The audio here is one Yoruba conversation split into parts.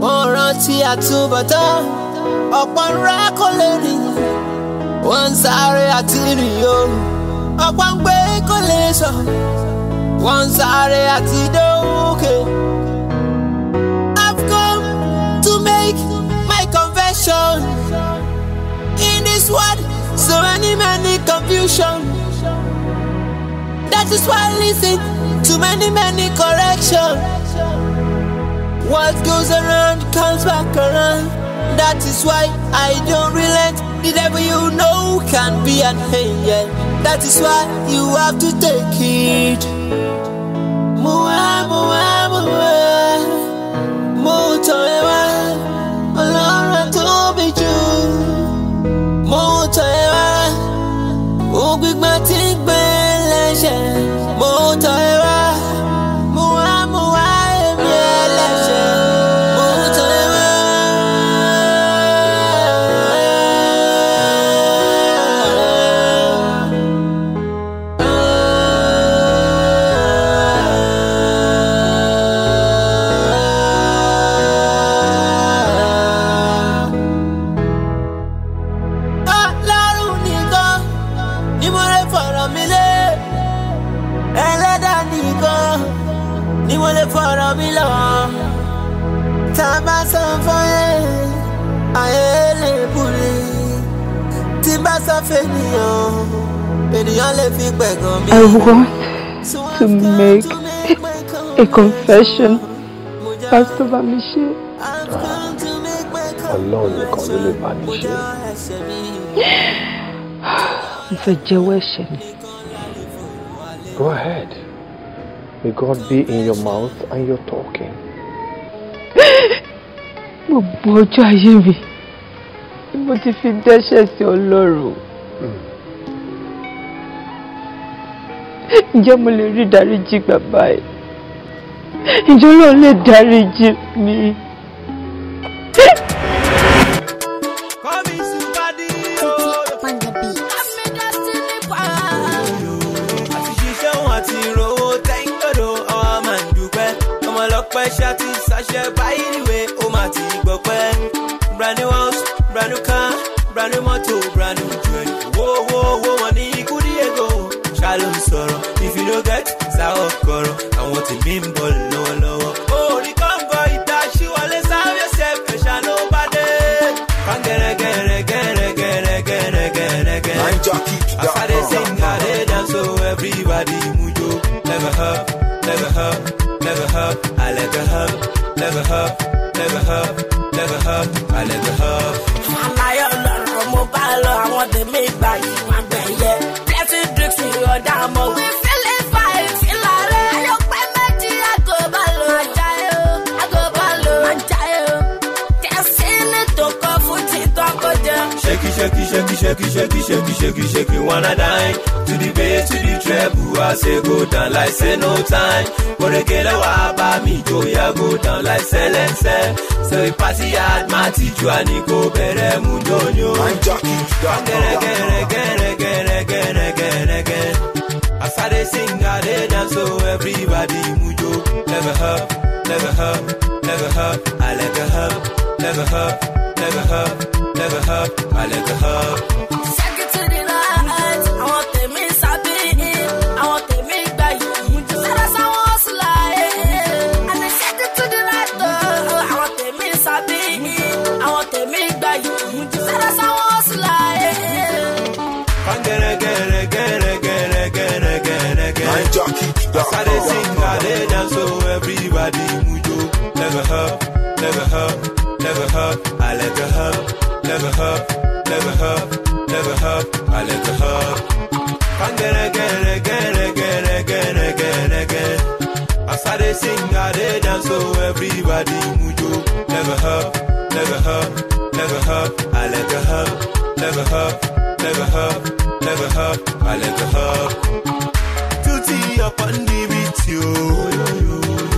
mo rántí àtúbọ̀tán ọ̀pọ̀ ńlá kò lè rìn wọ́n ń sáré àti rìn o ọ̀pọ̀ ń gbé kò lè sọ wọ́n ń sáré àti dókè. I've come to make my confession in this world so many many confusion that is why I listen to many many correction. What goes around comes back around. That is why I don't relent. The devil you know can be an angel. That is why you have to take it. Mua, mua, mua. I want to make a confession, Pastor Bamishi. Ọlọ́run nìkan ló lè bá mi ṣe. Mo fẹ́ Go ahead. May God be in your mouth and your talking. Gbogbo ọjọ́ ayé mi ni mo ti fi dẹ́ṣẹ̀ sí Ọlọ́run. Hmm ǹjẹ́ mo lè rí ìdáríjì bàbá ẹ̀ ǹjẹ́ Ọlọ́run lè dáríjì mi. brand new house brand new car brand new motor brand new jewelry. wo wo wo tó gẹ̀ sá ọkọ̀rọ̀ àwọn tèmi ń bọ̀ lọ́wọ́lọ́wọ́. sing, I dey dance, so everybody mujo. Never hurt, never hurt, never hurt. I hurt, never hurt, never hurt, never hurt. I let hurt. shake it, shake it, shake it, shake it, shake it, wanna die. To the bass, to the treble, I say go down like say no time. But the girl I want by me, joya go down like say let's say. So if party hard, my teacher, I need go better, mundonio. I'm jockey, again, again, again, again, again, again, again. I started sing, I did dance, so everybody mujo. Never hurt, never hurt, never hurt, I like a hurt, never hurt never hurt, never hurt, I never hurt. As I sing, I dance, so everybody move. Never hurt. never hurt, never hurt. I let her hurt, never hurt, never hurt, never hurt. I let her hurt. Again, again, again, again, again, again, again. As I they sing, I they dance, so everybody mujo. Never hurt, never hurt, never hurt. I let her hurt, never hurt, never hurt, never hurt. I let her hurt. Duty upon the beat, you.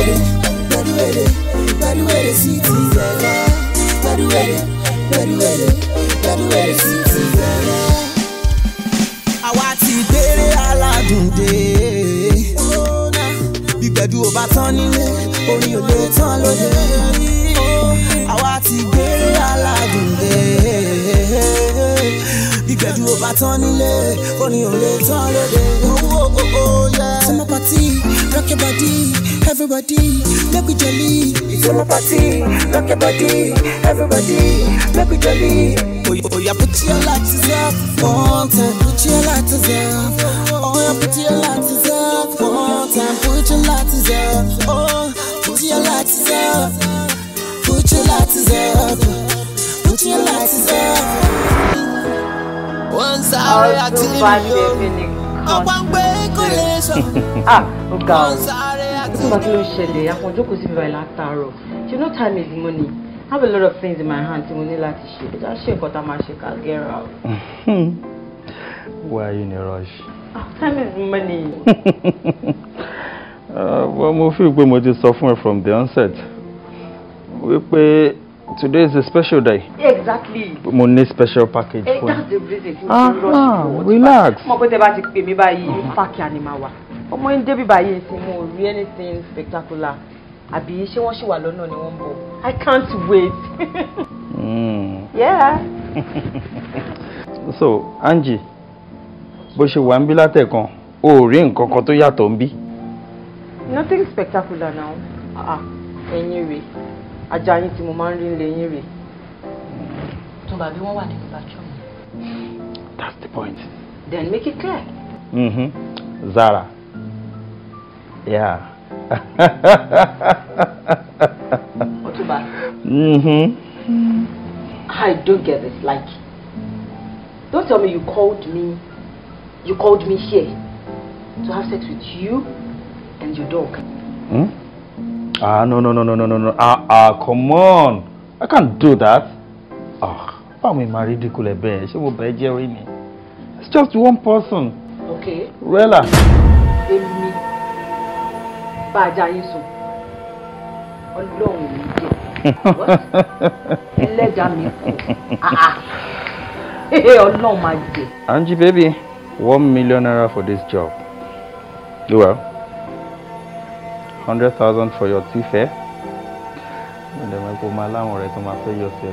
wèrè pẹ̀lú wèrè pẹ̀lú wèrè sí ti bẹ̀rẹ̀ pẹ̀lú wèrè pẹ̀lú wèrè pẹ̀lú wèrè sí ti bẹ̀rẹ̀. àwa ti déré aládùn dé gbẹ̀dú ò bá tán nílé orin ò lè tán lóde àwa ti gbére aládùn. lójú ó bá tán nílé ó ní òun lè tán lóde. owó òkòkò yẹ. summer party rock your body everybody make we jolly. summer party rock your body everybody make we jolly. Oya put your lights up one time, put your lights up. Oya put your lights up one time, put your lights up. Oh, put your lights up, put your lights up, put your lights up. wọ́n ń sáré àti ìlú ọ̀pọ̀ ń gbé kò lè sọ. ọ̀gá o nígbà tí ló ṣẹlẹ̀ àpọ̀jọ́ kò sí mi báyìí látàárọ̀ you know time is money I have a lot of things in my hand tí mo ní láti ṣe ẹ já ṣe nǹkan tá a máa get out. why are you in a rush. Oh, time is money. Uh, mo fi pé mo ti sọ from the onset wípé Today is a special day. Exactly. Mo ní special package eh, fún. That's the reason. Ah, relax. Mo pé tẹ́ bá ti pè mí báyìí, páàkì ànìmá wa. Ọmọ yín débi báyìí sí mo ò rí anything spectacular. Àbí ṣé wọ́n ṣì wà lọ́nà ni wọ́n ń bọ̀? I can't wait. mm. Yeah. so, Angie, bó ṣe wà ń bí látẹ̀kan, o ò rí nǹkan kan tó yàtọ̀ ń bí. Nothing spectacular now. Ah, ẹ̀yin ah. rèé ajá yín tí mo máa ń rí nílé yín rèé. tó bàbí wọn wà nínú bathroom. that's the point. then make it clear. Mm-hmm. Zara. Yeah. Otuba. mm mm-hmm. hmm. I don't get this. Like, don't tell me you called me, you called me here to have sex with you and your dog. Hmm? Ah, no, no, no, no, no, no, no. Ah, ah, come on. I can't do that. Ah, báwo ni màá rí dínkù lẹ bẹ́ẹ̀? Ṣé mo bẹ́ẹ̀ jẹ́ It's just one person. Okay. Rẹ́là. Èmi bá ajá yín sùn. Ọlọ́run mi jẹ. Ẹlẹ́dàá ah, ah. Hey, kù. Ọlọ́run máa jẹ. Angie baby, one million naira for this job. Do well hundred thousand for your tífẹ́ ẹ̀dẹ̀mọ̀ eh? kò máa láwọn ọ̀rẹ́ tó máa fẹ́ yọ sí ẹ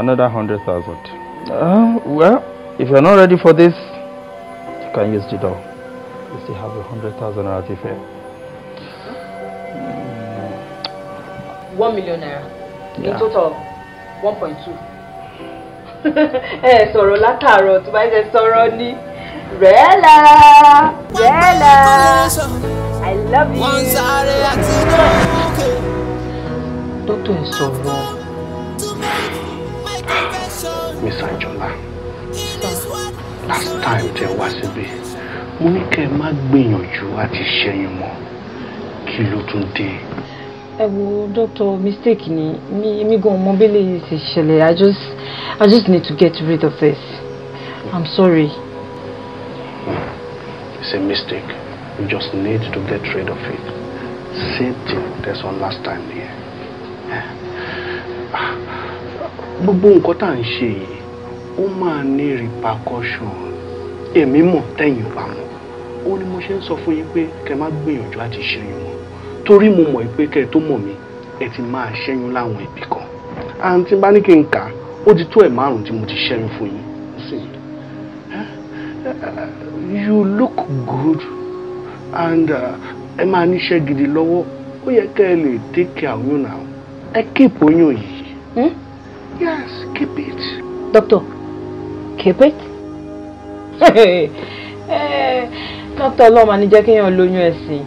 another hundred thousand. Uh, well if you are not ready for this you can use the door you still have a hundred thousand naira tífẹ́. Eh? Mm. one million naira yeah. in total one point two. ẹ eh, sọ̀rọ̀ látàárọ̀ tó bá ń ṣe sọ̀rọ̀ ní rẹ́ẹ̀là rẹ́ẹ̀là. I love you. Wọ́n sáré àti lókè. Dókítà ẹ̀ sọ̀rọ̀. Miss Anjola, last time tẹ was síbí, mo ní kẹ́ ẹ má gbìyànjú àti ṣẹ́yìn mọ́. Kí ló tún dé? ẹ doctor mistake ni mi mi gan ọmọ bẹ́lẹ̀ ṣe i just i just need to get rid of this i'm sorry. Hmm. it's a mistake. You just need to get rid of it. Satan, there's one last time here. Gbogbo nǹkan tá à ń ṣe yìí, ó máa ní repercussion. Èmi mọ̀ tẹ̀yìn bá mọ̀. Ó ní mo ṣe ń sọ fún yín pé kẹ́ má gbìyànjú àti ṣe yín Torí mo mọ̀ pé kẹ́ ẹ tó mọ̀ mi, ẹ ti máa ṣẹ́yún láwọn ibì kan. Àǹtí bá ní kí n kà á, ó ti tó ẹ̀ márùn-ún tí mo ti ṣẹ́yún fún yín. You look good and uh, ẹ máa níṣẹ́ gidi lọ́wọ́ ó yẹ kẹ́ ẹ lè take care of you now ẹ keep oyún yìí. Hmm? yes keep it. doctor keep it. Eh, doctor ọlọ́run máa ní jẹ́ kéèyàn lóyún ẹ̀ sí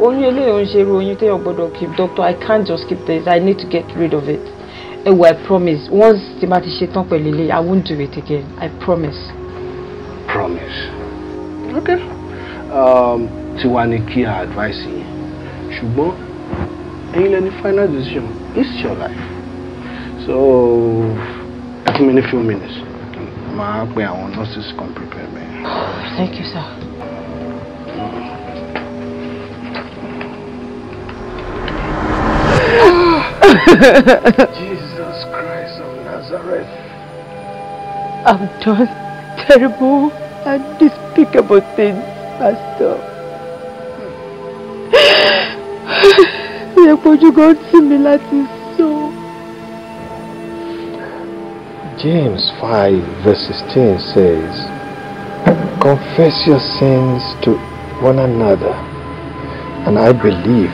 i oyún eléyìí ń ṣe irú oyún téèyàn gbọ́dọ̀ keep doctor I can't just keep this I need to get rid of it ẹ eh, I promise once tí ma ti ṣe tán pẹ̀lú ilé I won't do it again I promise. promise okay. Um, tiwa ni kí a advice yín ṣùgbọ́n ẹ̀yin lẹni final decision it's your life so give me a few minutes My pe àwọn nurses come prepare me. thank you sir. Jesus Christ of Nazareth. I've done terrible and despicable things. Pastor, ó yẹ pojú gan tì mí láti sọ. James five verse sixteen says confess your sins to one another and I believe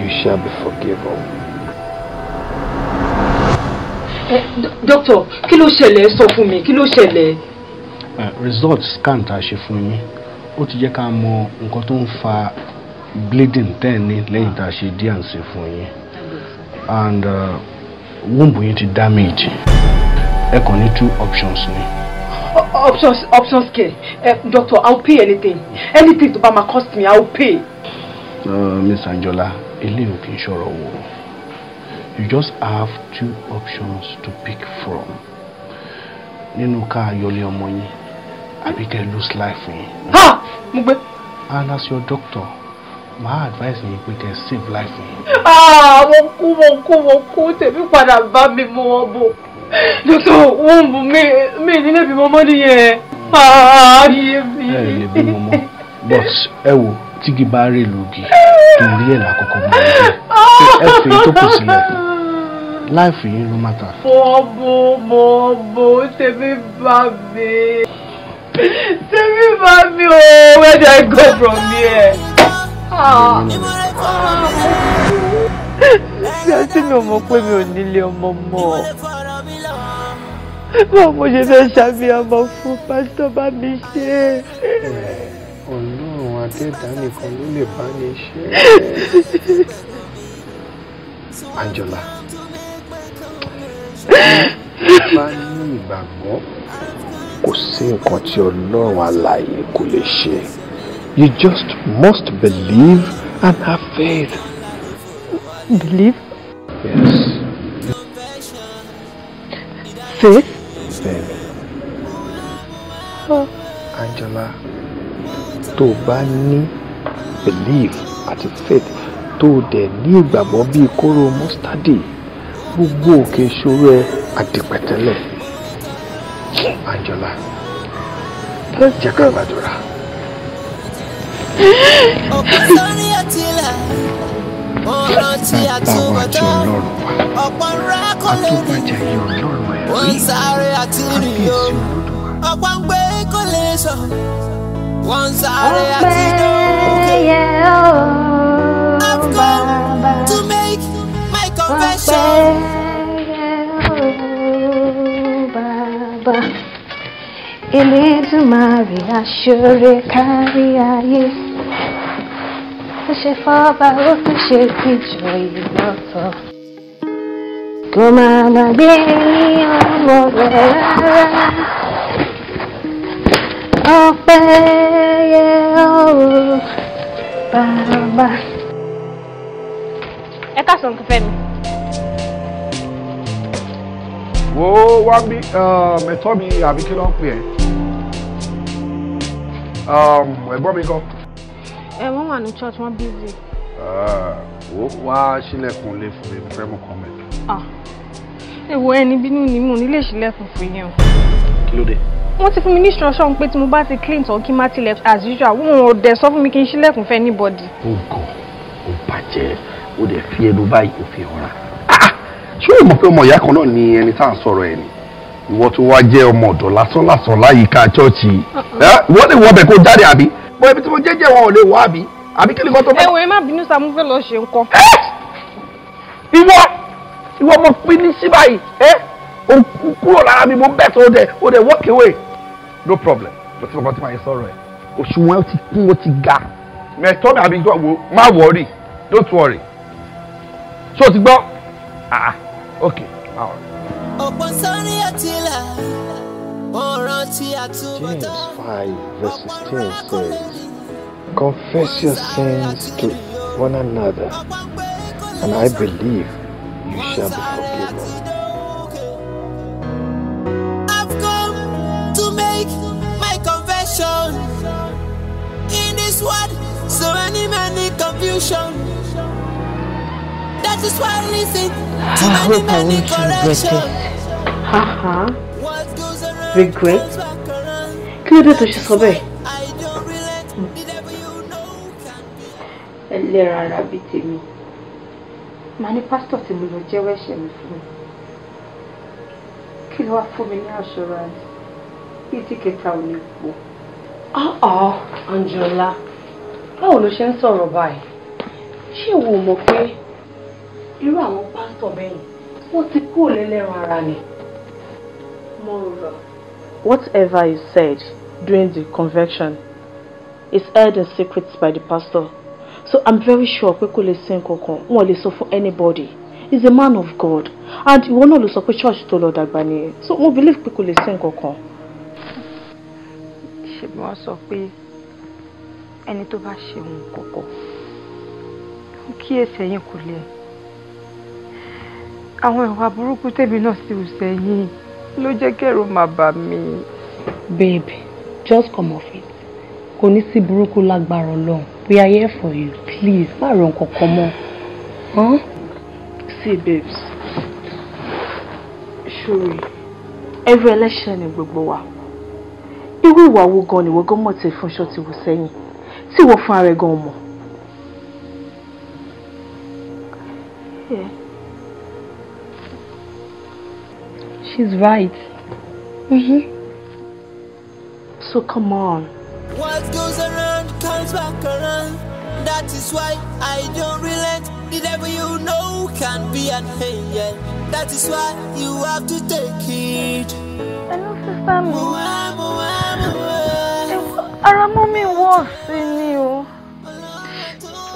you shall be forgiven. Eh, dókítà kí ló ṣẹlẹ̀ sọ fún mi kí ló ṣẹlẹ̀. Eh, result scan tá a ṣe fún yín ó ti jẹ́ ká mọ nǹkan tó ń fa bleeding tẹ́ ẹ̀ ní lẹ́yìn tá a ṣe díà fún yín and uh, womb yín ti damage ẹ kàn ní two options ni. options options care uh, doctor i will pay anything anything tó bá ma cost me i will pay. Uh, miss Anjola eléyìí ò kì í ṣọ̀rọ̀ wò you just have two options to pick from nínú ká yọlé ọmọ yín Abigail lose life for you. Ha! Mo And as your doctor, my advice is we can save life for you. Ah! Mo kú mo kú mo kú tèmi padà bá mi mo wọ́n bò. Dókítà wọ́n bù mí mi mo mọ́ nìyẹn. Ah! Yé mi. Ẹ lè bí mo mọ́. But ẹ wo tígi bá rè lògì torí ẹ̀ lákọ̀ọ́kọ́ mọ́ ẹ fi tó kù sílẹ̀ láìfì yín ló má ta. mo bo mo bo tèmi bá mi. Save for me, oh, where did I go from here? Ah. Ṣé àti mi ò mọ̀ pé mi ò nílé ọmọ mọ́? Báwo mo ṣe fẹ́ ṣàbíyamọ fún pásítọ̀ bá mi ṣe? Ọlọ́run adẹ́dá nìkan ló lè bá mi ṣe. Anjola, kò sí nǹkan tí ọlọ́run alààyè kò lè ṣe you just must believe and have faith. believe. yes. faith. faith. Oh. Angela tó bá ní believe àti faith tó dẹ̀ ní ìgbàgbọ́ bíi kóró mọ́sítádì gbogbo òkè ìṣòro ẹ̀ àdìpẹ̀tẹ́lẹ̀. Anjola ló jẹ́ ká gbàdúrà. Bàbá wa àti ọlọ́run wa, àtúbàjá yìí ọlọ́run ẹ̀ rí, àkíyèsí olódùwà I've come to make my confession. Elédùmarè aṣọ́re kárí ayé ó ṣe fọ́ba ó tún ṣe tìjọ ìlọ́tọ̀ kò máa gbàgbé ní ọmọ rẹ̀ rárá ọpẹ́ yẹ ọ̀rọ̀ bàbá. ẹ wo wá bí mẹ́tọ́ um, mi àbí kí Um, ẹ̀gbọ́n mi kan. ẹ eh, wọ́n wà ní church wọ́n busy. ó ah, wá sílẹ̀kùn lè fún mi fẹ́ mọ̀ kàn mẹ́. èwo ah. ẹni bínú ni mo nílé ìṣílẹ̀kùn fún yẹn o. kí ló dé. wọ́n ti fún mi ní instruction pé tí mo bá ti clean tán kí n má ti left as usual wọn ò dẹ̀ sọ fún mi kí n ṣílẹ̀kùn fẹ́ anybody. ó gàn ó bàjẹ́ ó dẹ̀ fi ẹnu báyìí ó fi ọ̀ra. Ah, ṣé o mọ̀ pé ọmọ ìyá kan náà ni ẹni tá à ń sọ̀rọ̀ ẹ̀ ni ìwọ tó wá jẹ́ ọmọ ọ̀dọ̀ lásán lásán láyìíká chọ́ọ̀chì wọ́n lè wọ ọbẹ̀ kó jáde àbí bọ́ ibi tí mo jẹ́jẹ́ wọn ò lè wọ àbí àbí kí ni kan tó bá. ẹ̀wọ̀n ẹ má bínú sa mo fẹ́ lọ ṣe nǹkan. ìwọ ìwọ mo pín ní sí báyìí ẹ o kúrò lára mi mo bẹ̀ tó o dẹ̀ o dẹ̀ walk away no problem mo ti mọ̀ tí màá yẹ sọ̀rọ̀ ẹ̀ òṣùwọ̀n ti kún ó ti ga mẹ̀tọ́ mi àbí gbọ́ má worry don't worry so ti gbọ́ ah, ah ok má worry. James five àtìlà ọ̀ràn says, Confess your sins to one another, and I believe you shall be forgiven. I've come to make my confession. In this world, so many, many confusion. That is why I listen. Too many, hope many I corrections. Uh-huh. Regret? Kí ló dé tó ṣe sọ bẹ́ẹ̀? Hmm. Ẹlẹ́ra ara bíi tèmi. Màá ní pásítọ̀ tí mo mi fún mi. Kí ló wá fún mi ní assurance? Bíi tí kẹta ò ní Ah Ọ̀ọ́ Anjọ́lá, báwo ló ṣe ń sọ̀rọ̀ báyìí? Ṣé ìwọ mọ̀ pé irú àwọn pásítọ̀ bẹ́ẹ̀ wọ́n ti kú lẹ́lẹ́ran ara ni. moreover. whatever is said during the convention is held in secret by the pastor so i'm very sure pé kò lè sin kankan wọn lè sọ fún anybody he's a man of god and ìwọ náà ló sọ pé church tó lọ dàgbà nìyẹn so mo believe pé kò lè sin kankan. ṣùgbọ́n wọ́n sọ pé ẹni tó bá ṣe òun kọ̀kọ̀ kí èsì ẹ̀yìn kò lè àwọn ìwà burúkú tèmi náà sì ò sẹ́yìn ló jẹ́ kẹ́rù máa bà mí. babe just come off it kò ní sí burúkú lágbára ọlọ́run we are here for you please má ràn kankan mọ́. see babes sori ẹrú ẹlẹ́ṣẹ̀ ni gbogbo wa irú ìwà wo gan ni wọ́n gọ́mọ̀ tẹ fúnṣọ́ ti wù sẹ́yìn tí wọ́n fún ara ẹ̀ gan mọ̀. Yeah. She's right. Mm-hmm. So come on. What goes around comes back around. That is why I don't relent. The devil you know can be an angel. That is why you have to take it. Hello, sister mi. Ara mọ́ mi wọ̀ sí ni o.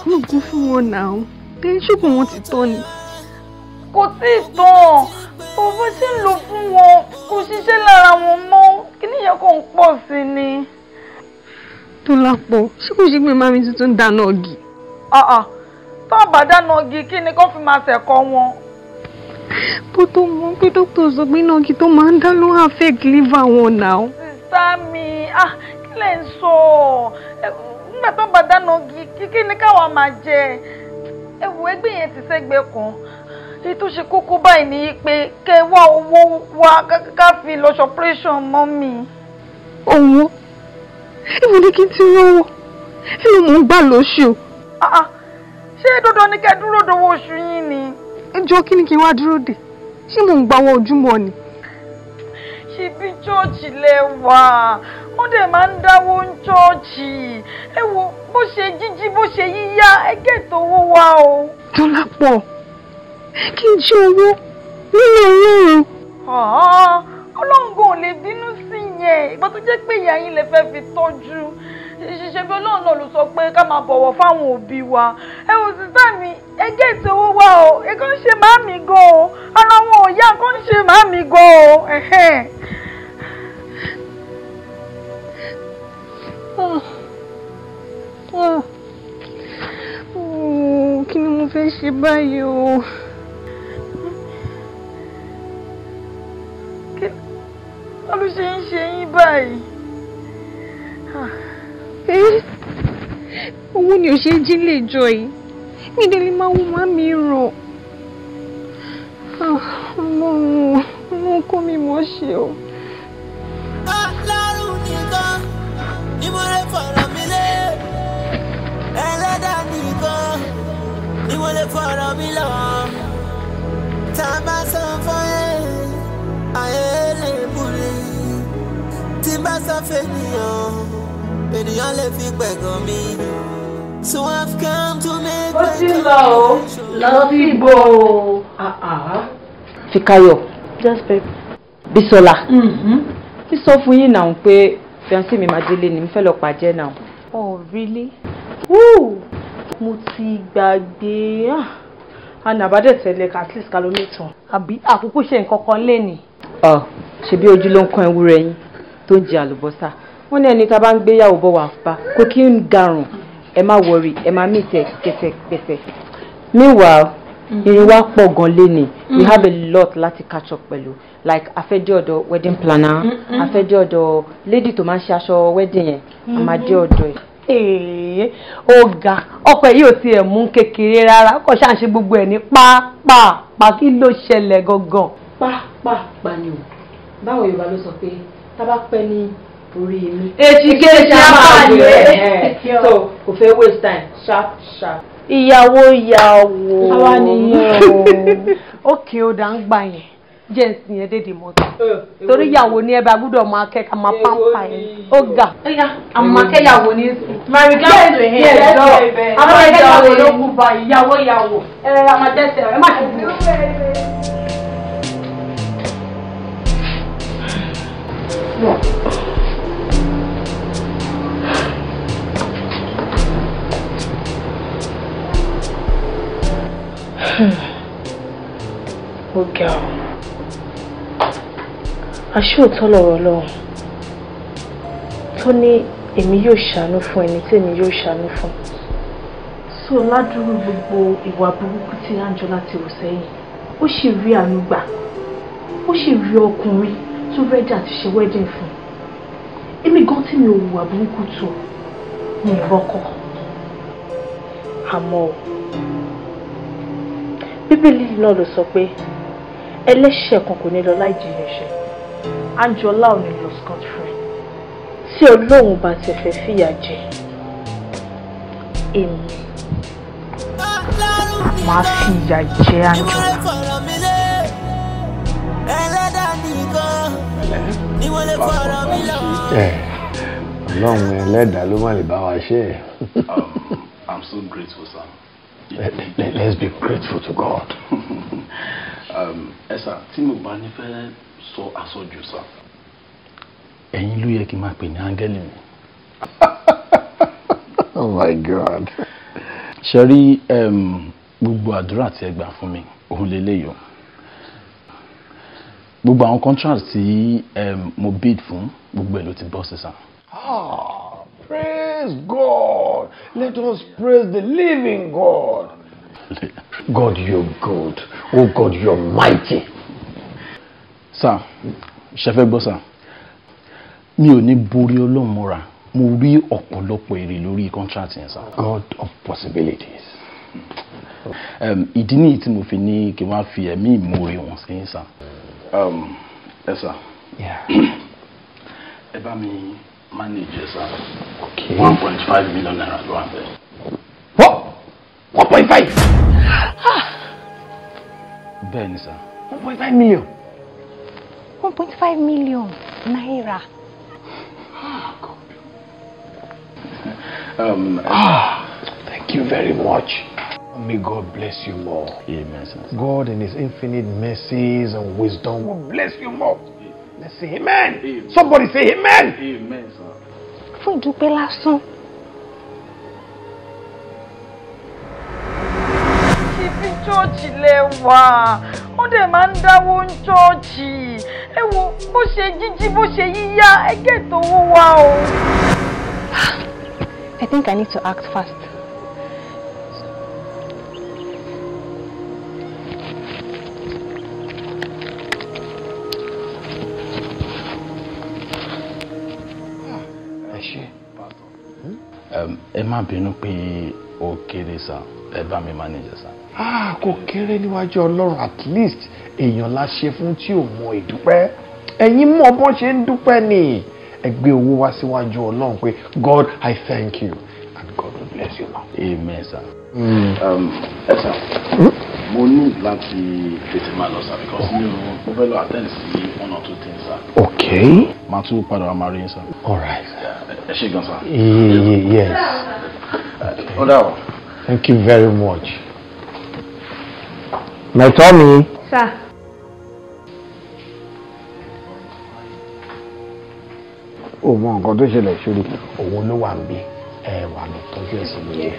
Mo gún fún wọn náà. Kì í ṣùgbọ́n wọn ti owó tí ń lò fún wọn kò ṣiṣẹ́ lára wọn mọ́ kíní yẹn kò ń pọ̀ sí ni. Dọ́lápọ̀ ṣé kò ṣe pé mami tuntun dáná ọ̀gì. Ah, ah. tó bá dáná ọ̀gì kí ni kó fi máa ṣẹ̀kọ́ wọn. bó tó mọ pé dókítà sọ pé iná ọ̀gì tó máa ń dá ló wà fake liver wọn náà. sísá mi ah, kí lè ń sọ nígbà tó bá dáná ọ̀gì kí ni káwa máa jẹ ewu ẹgbẹ́ yẹn ti sẹ́gbẹ́ kan ètò ṣe kókó báyìí ni pé kẹ́ wá owó wá ká fi lọ ṣọpẹ́ṣọ̀n mọ́ mi. owó èwo ni kí n ti rówó èwo mò ń gbà lóṣù. Ah, ah. ṣé dandan ni kẹ́ dúró dowó oṣù yín ni. ẹ jọ kí ni kí n wá dúró dè ṣé mò ń gbàwọ ojúmọ́ ni ibi chọ́ọ̀chì lẹ wà wọ́n dẹ̀ máa ń dáwó ń ẹ wo bó ṣe jíjí bó ṣe yíyá ẹ gẹ̀ẹ́tò owó wa o. dọ́là pọ̀ kí n ṣe owó nínú ọlọ́run. ọlọ́run gan ò lè bínú sí yẹn ìgbà tó jẹ́ pé ìyá yín lè fẹ́ fi tọ́jú ṣiṣẹ́ bí ọlọ́run náà ló sọ pé ká máa bọ̀wọ̀ fáwọn òbí wa ẹ ò sì tàmí ẹgẹ́ ètò owó wa o nǹkan ṣe màámi gan o ara wọn ò yá nǹkan ṣe màámi gan o. Ah. Ah. Hmm, kí ni mo fẹ́ ṣe báyìí o. wọ́n ló ṣe ń ṣe yín báyìí. Eh? owó ni ò ṣe jí lè jọ yìí mi dé lè máa wo má mi rò ah, mo mo kó mi mọ̀ ṣe o. ọlọ́run nìkan ni mo lè fọ̀rọ̀ mi lé tí bá sáfẹ́ nìyàn ènìyàn lè fi gbẹ̀gàn mi. So I've come to make my connection. Ó ti lọ o, lọ sí ibo o. Ah, ah. Fikayo. Yes babe. Bisola. Bí mm-hmm. fún yín náà pé fiancé mi máa délé ni mo fẹ́ lọ pàjẹ́ náà. Oh really? Woo! Mo ti gbàgbé. Ah. Àná àbádẹ́ tẹ̀lé at least ká ló lè tàn. Àbí àkókò ṣe nǹkan kan lé ni. Ọ̀ ṣebí ojú ló ń kan ewúrẹ́ yín tó ń jẹ àlùbọ́sà wọ́n ní ẹni tá a bá ń gbéyàwó bọ̀ wá pa kò kí ẹ má wọrí ẹ má mí tẹ pẹsẹpẹsẹ. meanwhile mm-hmm. irin wa pọ̀ gan léni we have a lot láti catch up pẹ̀lú like afẹ́dé ọ̀dọ̀ wedding planner afẹ́dé ọ̀dọ̀ lady tó máa ń ṣe aṣọ wedding yẹn àmàdé ọ̀dọ̀ ẹ̀ ee ọ̀gá ọkọ yìí ò tiẹ̀ mú kékeré rárá kò ṣáà ṣe gbogbo ẹ̀ ní pápápá kí ló ṣẹlẹ̀ gangan. pápápá ni o báwo yorùbá ló sọ pé tábà pẹ́ ní orí mi. èsì kejì abáyé so kò fẹ́ waste time sharp sharp. ìyàwó ìyàwó. àwa nìyẹn o òkè ọ̀dà ń gbà yẹn jẹ́ǹsì yẹn dédé mọ́tò torí ìyàwó ni ẹ bá gbúdọ̀ máa kẹ́ ká máa pàmpà yẹn ó ga. àmọ́ akẹ́yàwó ni mary gán ló yẹ ẹ lọ àmọ́ akẹ́yàwó ló kú bá ìyàwó ìyàwó ẹ àmọ́ jẹ́sẹ̀ ẹ má ti bù. ó ga ọ aṣóòótọ́ lọ̀rọ̀ Ọlọ́run tó ní èmi yóò ṣàánú fún ẹni tí èmi yóò ṣàánú fún. so ládùúrú gbogbo ìwà burúkú tí Anjola ti rò sẹ́yìn ó sì rí àánú gbà ó sì rí ọkùnrin tó rẹ́dí àti ṣe wedding fún èmi gan tí mi ò wùwà burúkú tó ní ìrọ́kọ̀ àmọ́ bíbélì náà ló sọ pé ẹlẹ́ṣẹ̀ kan kò ní lọ láì jìyà ẹ̀ṣẹ̀ Anjola ò ní lọ scot free tí Ọlọ́run bá ti fẹ́ fìyà jẹ èmi máa fìyà jẹ Anjola ọlọ́run ẹlẹ́dàá ló má lè bá wa ṣe é. I'm so grateful sir. Let, let, let's be grateful to God. Um, ẹ sà tí mo bá ní fẹ́ sọ àsọjù sà. ẹ̀yin ló yẹ kí n máa pè ní áńgẹ́lì mi. Oh my God. ṣe rí um, gbogbo àdúrà tí ẹ gbà fún mi òun lélẹ́yìí o gbogbo àwọn contract tí mo bid fún gbogbo ẹ̀ ló ti bọ́ sísan. ah praise God let us praise the living God. God you're good oh God you're mighty. sir ṣẹfẹ gbọ́ sir mi ò ní borí ọlọ́run mọ́ra mo rí ọ̀pọ̀lọpọ̀ èrè lórí contract yẹn sir. God of possibilities. ìdí nìyí tí mo fi ní kí wọ́n á fi ẹ̀mí ìmoore wọn sí sir ẹ um, sà ẹ bá mi manage ẹ sà one point five million naira ló wà bẹ́ẹ̀. wọ́n one point five. Ah! bẹ́ẹ̀ ni sà. one point five million. one point five million naira. um, ah, thank you very much. May God bless you more. Amen. God in His infinite mercies and wisdom will bless you more. Let's say amen. amen. Somebody say amen. Amen, sir. Fún ìdúpẹ́ lásán. Ibi chọ́ọ̀chì lẹ wà, ó dẹ̀ máa ń dáwó ń chọ́ọ̀chì. Ẹ wo bó ṣe jíjí bó ṣe yíyá, ẹ gẹ̀ẹ́tò owó o. I think I need to act fast. ẹ má bínú pé ó kéré sá ẹ bá mi manager sá. Ah, kò kéré níwájú ọlọ́run at least èèyàn la ṣe fún tí ò mọ ìdúpẹ́ ẹ̀yin mọ̀ bọ́n ṣe ń dúpẹ́ ni ẹ gbé owó wá síwájú ọlọ́run pé God I thank you and God will bless you ma. amen sir. Hmm. Um, ẹ sà mo ní láti tètè máa lọ sá because mo fẹ́ lọ attend sí one or two things sá. ok. màá tún padà wá máa rí yín sá. all ẹ ṣé gan sá. yes. ó dà o. thank you very much. mẹ̀tọ́ mi. sá. o mọ nǹkan tó ṣẹlẹ̀ sórí òun ló wà ń bí ẹ wà lọ tọ́jú ẹ̀sìn lóye.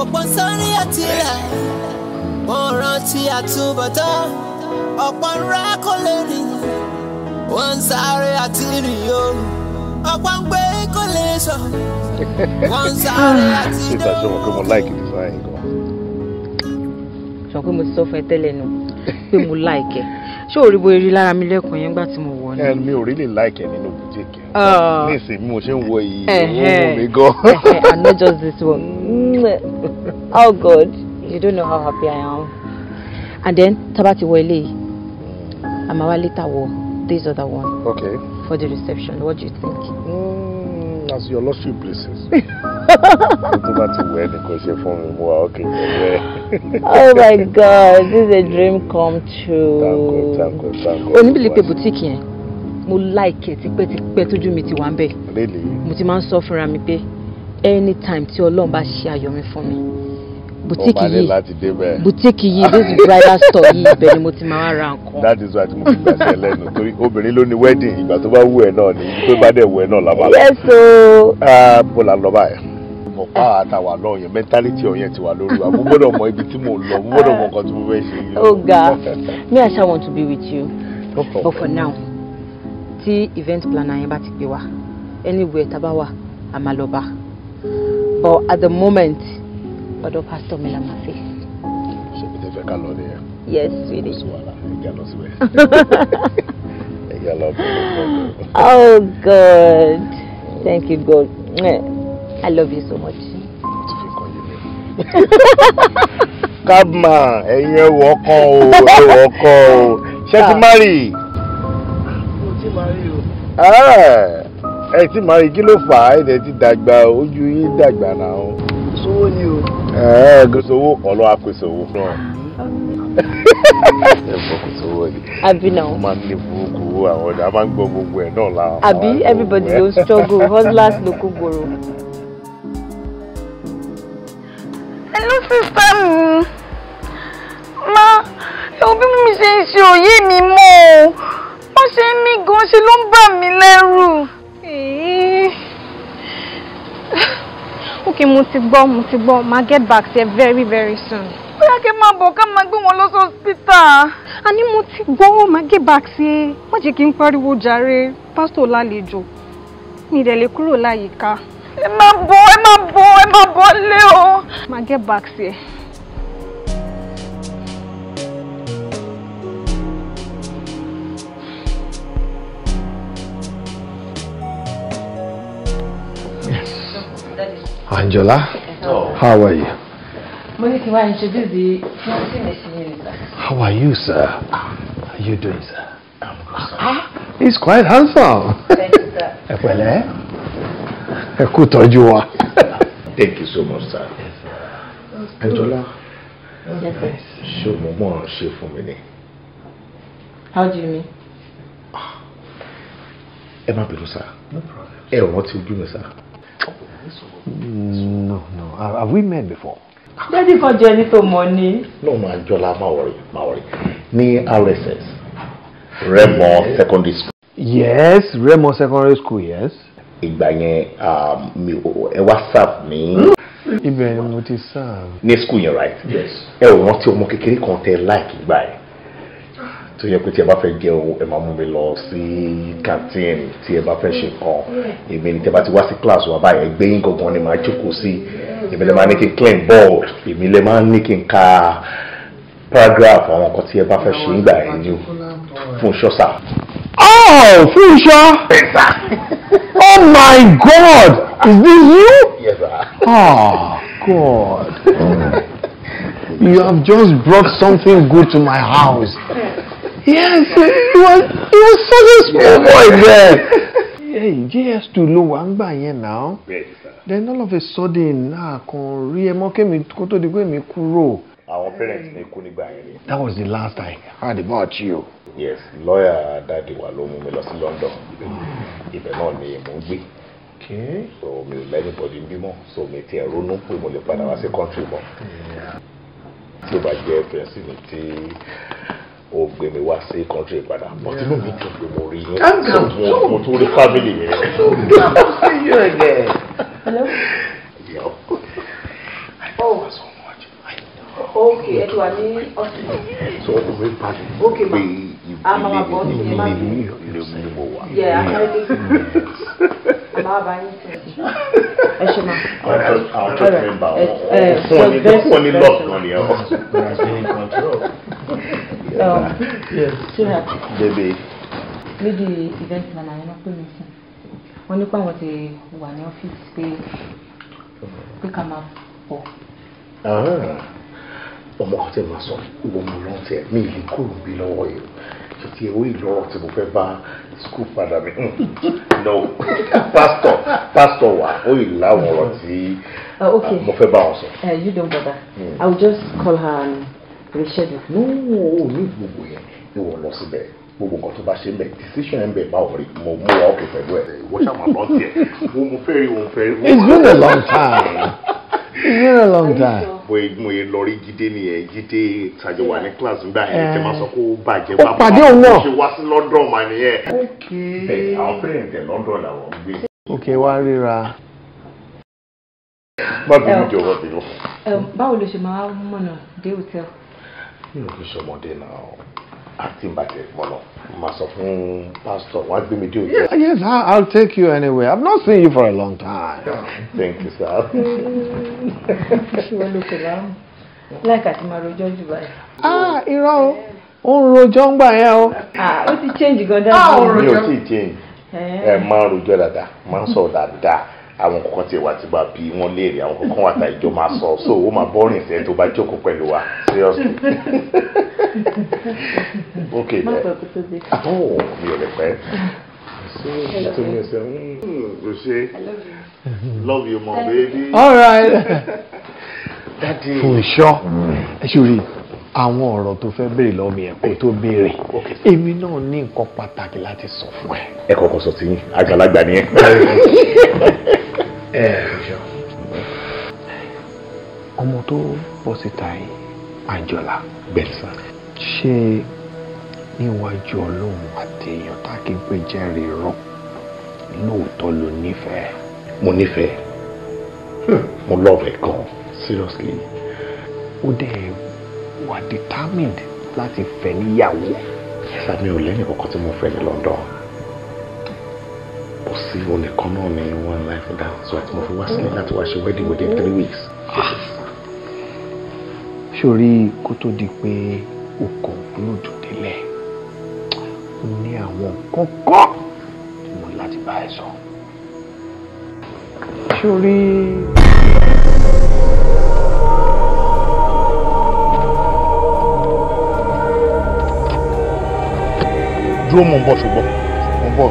ọ̀pọ̀ sórí àti rà mo rántí àtúbọ̀tán ọ̀pọ̀ ńlá kò lè rìn wọ́n ń sáré àti rìn o ọ̀pọ̀ ń gbé kò lè sọ wọ́n ń sáré ah, àti rìn sọ pé mo sọ fún ẹ tẹ́lẹ̀ nu pé mo láìkì ṣé òrí bo eré lára mi lẹ́kùn yẹn gbà tí mo wọ̀ ni. mi ò really like ẹ nínú bùjẹ́ kẹ ní ìsinmi mo ṣe ń wọ iyì owó mi gan. and not just this one oh god you don't know how happy i am and then taba ti wọ ilé yìí àmàwá later wọ this other one okay. for the reception what do you think. Mm as your lordship blesses. tó bá ti wẹ̀ nìkan ṣe fún mi mo wà oh my god this is a dream come true. tanko tanko tanko. oníbìlì pé bùtíìkì yẹn mo láìkẹ́ tipẹ́tipẹ́ tójú mi ti wà ń bẹ̀. mo ti máa ń sọ fúnra mi pé anytime tí ọlọ́run bá ṣe ayọ̀ mi fún boutique yìí boutique yìí those bridal store yìí ibẹ̀ ni mo ti máa ra nǹkan. that is why mo fi gbà sí ẹlẹ́nu torí obìnrin ló ní wedding ìgbà tó bá wù ẹ́ náà ni tó bá dẹ̀ wù ẹ́ náà lábàlá. yes o. Ah, bó la lọ báyìí mọ̀ pa àtàwà náà yẹn mẹ́ntálítì ọ̀yẹn ti wà lórí wa mo gbọ́dọ̀ mọ ibi tí mo lọ mo gbọ́dọ̀ mọ nǹkan tí mo fẹ́ ṣe. Ọ̀gá me I sha want to be with you but for now tí event planner yẹn bá ti pè wá anywhere tá a but at the moment ọ̀dọ̀ pásítọ̀ mi la máa fi. ṣé kò tẹ́ yes sweetie. oh god thank you god i love you so much. mo ti fi kọ́ yé mi. cabman ẹ̀yin ẹ̀ wọ́ i. mo ti má ah, i kí ló fà á ẹ̀ ti dàgbà ojú yín Kòsòwò ọ̀lọ́ akòsòwò. Ẹ bọ̀ kòsòwò ni. Àbí náà. Mo máa ń lè burúkú àwọn ọ̀dà, a máa ń gbọ́ gbogbo ẹ̀ náà everybody ló struggle, hustlers ló kó Hello sister mi. Ma, ẹ̀wọ̀n bí mi ṣe ń ṣe òye mi mọ́ o. Wọ́n ṣe ń mí gan ṣe ló ń bà mí lẹ́rù okay mo ti gbọ́ mo ti gbọ́ ma get back there very very soon. bóyá kí n máa bọ̀ ká máa gbé wọn lọ sọ́sítà. àní mo ti gbọ́ ma get back there má jẹ́ kí n pariwo jàre pásítọ̀ lálejò mi ìdẹ̀ lè kúrò láyìíká. ẹ máa bọ̀ ẹ máa bọ̀ ẹ máa bọ̀ lé o. ma get back there. Angela, Hello. how are you? Monique, why introduce the How are you, sir? How are you doing, sir? I'm good, sir. He's quite handsome. Thank you, sir. Ẹ pẹ̀lẹ́. Eh? Ẹ kú tọ́jú Thank you so much, sir. Yes, Angela. Yes, sir. Ṣé mo mọ̀ ọ́n ṣe fún mi How do you mean? Ah. Ẹ má bínú, sir. No problem. Eh, ò rántí ojú sir. Mm, no, no. Have we met before? Dádì kan jẹ́ ní tó mọ ní. No, máa jọlá máa wọrí máa wọrí ní RSS Remo Secondary School. Yes, Remo Secondary School, yes. Ìgbà yẹn um, mi ò ẹ wá serve ní. Ibẹ̀ ni mo ti serve. Ní school yẹn right? Yes. Ẹ ò rántí ọmọ kékeré kan tẹ láìkí gbà yẹn tó yẹ pé tí ẹ bá fẹ́ jẹun ẹ máa mú mi lọ sí canteen tí ẹ bá fẹ́ ṣe nǹkan èmi ni tí ẹ bá ti wá sí class wa báyẹn gbé yín gangan ni màá jókòó sí èmi lè máa ní kí n clean board èmi lè máa ní kí n ka paragraph àwọn nǹkan tí ẹ bá fẹ́ ṣe ń gbà yẹn ni o fún iṣọ́ sá. oh fún iṣọ́. oh my god is this you. yes sir. oh ah, god. Mm. You have just brought something good to my house. Yes, he was, he was such a small boy then. Hey, JS2 ló wà here now. yẹn sir. Then all of a sudden, náà kan rí ẹ mọ́ kémi kó tó di pé Our parents mi kú buy yẹn. That was the last I heard about you. Yes, lawyer, daddy, wa ló mú mi London. Ibẹ̀ náà ni mò ń Okay. So me let me bọ́dí ń bímọ. So me tiẹ̀ ronú pé mo lè padà wá sí country mọ́. Tí ó bá jẹ́ fẹ̀sìn mi tí ó gbé mi wá sí kọ́ńtì ìpadà but inú mi dùn pé mo rí yín mo mo tún rí family mi oh. rẹ. ẹ ti wà ní hospital. So ọkùnrin mi balẹ̀. Okay ma. Àmà wà bọ́ sí ẹ má bí. Ilé mi ni mo wà. Yẹ àkàrà ilé mi. Àmà wà bá yín sẹ̀. Ẹ ṣe ma. Àwọn tó fẹ́ bá wọn. Fún ọ ní lọ́ọ̀kì náà ni ẹ wọ. Oh. yes. Sarah. Bébé. Lady event manager náà pè mí sí. Wọ́n ní pé àwọn ti wà ní ọ́fíìsì pé pé ká máa pọ̀. Ah. Ọmọ kan tẹ máa sọ ìwọ mo rántí ẹ̀ mi ìlú kúrò bí lọ́wọ́ yìí. Títí ewé ìlọ́rọ̀ tí mo fẹ́ bá skul padà mi. Hmm. No, pastor pastor wa ó yìí láwọn ọ̀rọ̀ tí oh, mo fẹ́ bá wọn sọ. Eh, you don't bother. Mm. I will just call her and. Christian no o ní gbogbo yẹn ìwọ lọ síbẹ̀ gbogbo nǹkan tó bá ṣe ń bẹ̀ decision ń bẹ̀ bá ọ̀rẹ́ mo mú wa ọkẹ́ pẹ̀lú ẹ̀ wọ́n ṣàmà lọ tiẹ̀ mo mo fẹ́ rí mo fẹ́ It's been a long time. It's been a long time. mo mo ye lọrí jíde nìyẹn jíde ìtajà wà ní class nígbà yẹn tẹ máa sọ kó bàjẹ́ bá bá bá ṣe wá sí London mà nìyẹn. bẹ́ẹ̀ àwọn fẹ́rẹ̀ tẹ̀ London làwọn gbé. ok wá ríra má bínú jọ̀wọ́ bínú. Um, báwo ló ṣe máa ń mọ̀nà dé hòtẹ́ẹ̀lì mi ò fi ṣọmọdé náà àti ìbàjẹ́ ìpọlọ máa sọ fún pásítọ̀ wọn á gbé mi dé òjò. Ah, yes I, i'll take you anywhere. i've not seen you for a long time. thank you sir. ṣé olùkọ́ bá ń láìka tí máa rojọ́ jù báyìí. ah irọ́ o ó ń rojọ́ ń gbà yẹn o. ah ó ti change gan dáadáa. Ah, mi ò tí ì change ẹ eh. eh, máa ń rojọ́ dáadáa máa ń sọ dáadáa àwọn kankan ti wà tí bá bí wọn léèrè àwọn kankan wà tá ìjọ máa sọ so ó máa bọ́rìn sẹ́yìn tó bá jókòó pẹ̀lú wa seriously ok àbọ̀ mi ò lè pẹ́ hmm, o ṣe love you mom baby all right dadi fún iṣọ mm. ẹ ṣe orí àwọn ọ̀rọ̀ tó fẹ́ béèrè lọ́wọ́ mi yẹn kó tó béèrè èmi náà ní nǹkan pàtàkì láti sọ fún ẹ. ẹ kọ́kọ́ sọ tí àgbàlagbà ni ẹ. ẹ jọ ọmọ tó bọ́ síta yìí àjọlá gbẹ̀sà ṣé níwájú ọlọ́run àti èèyàn tá a kì í pè jẹ́rìí rọ lóòótọ́ ló nífẹ̀ẹ́. mo nífẹ̀ẹ́ hmm. mo lọ́ọ̀fẹ́ gan seriously ó dẹ̀ wà determined láti fẹ́ níyàwó. sàmì ò lẹ́yìn kankan tí mo fẹ́ ní London kò sí onìkan náà ní one life down so àti mo fi wá sílẹ̀ láti wá ṣe wedding within three weeks. sórí ah. kó tó di pé o kò gbúdọ̀ délẹ̀ o ní àwọn nǹkan kan tí mo láti bá ẹ sọ. sórí. Surely... dúró mò ń ṣùgbọ́n mò ń bọ̀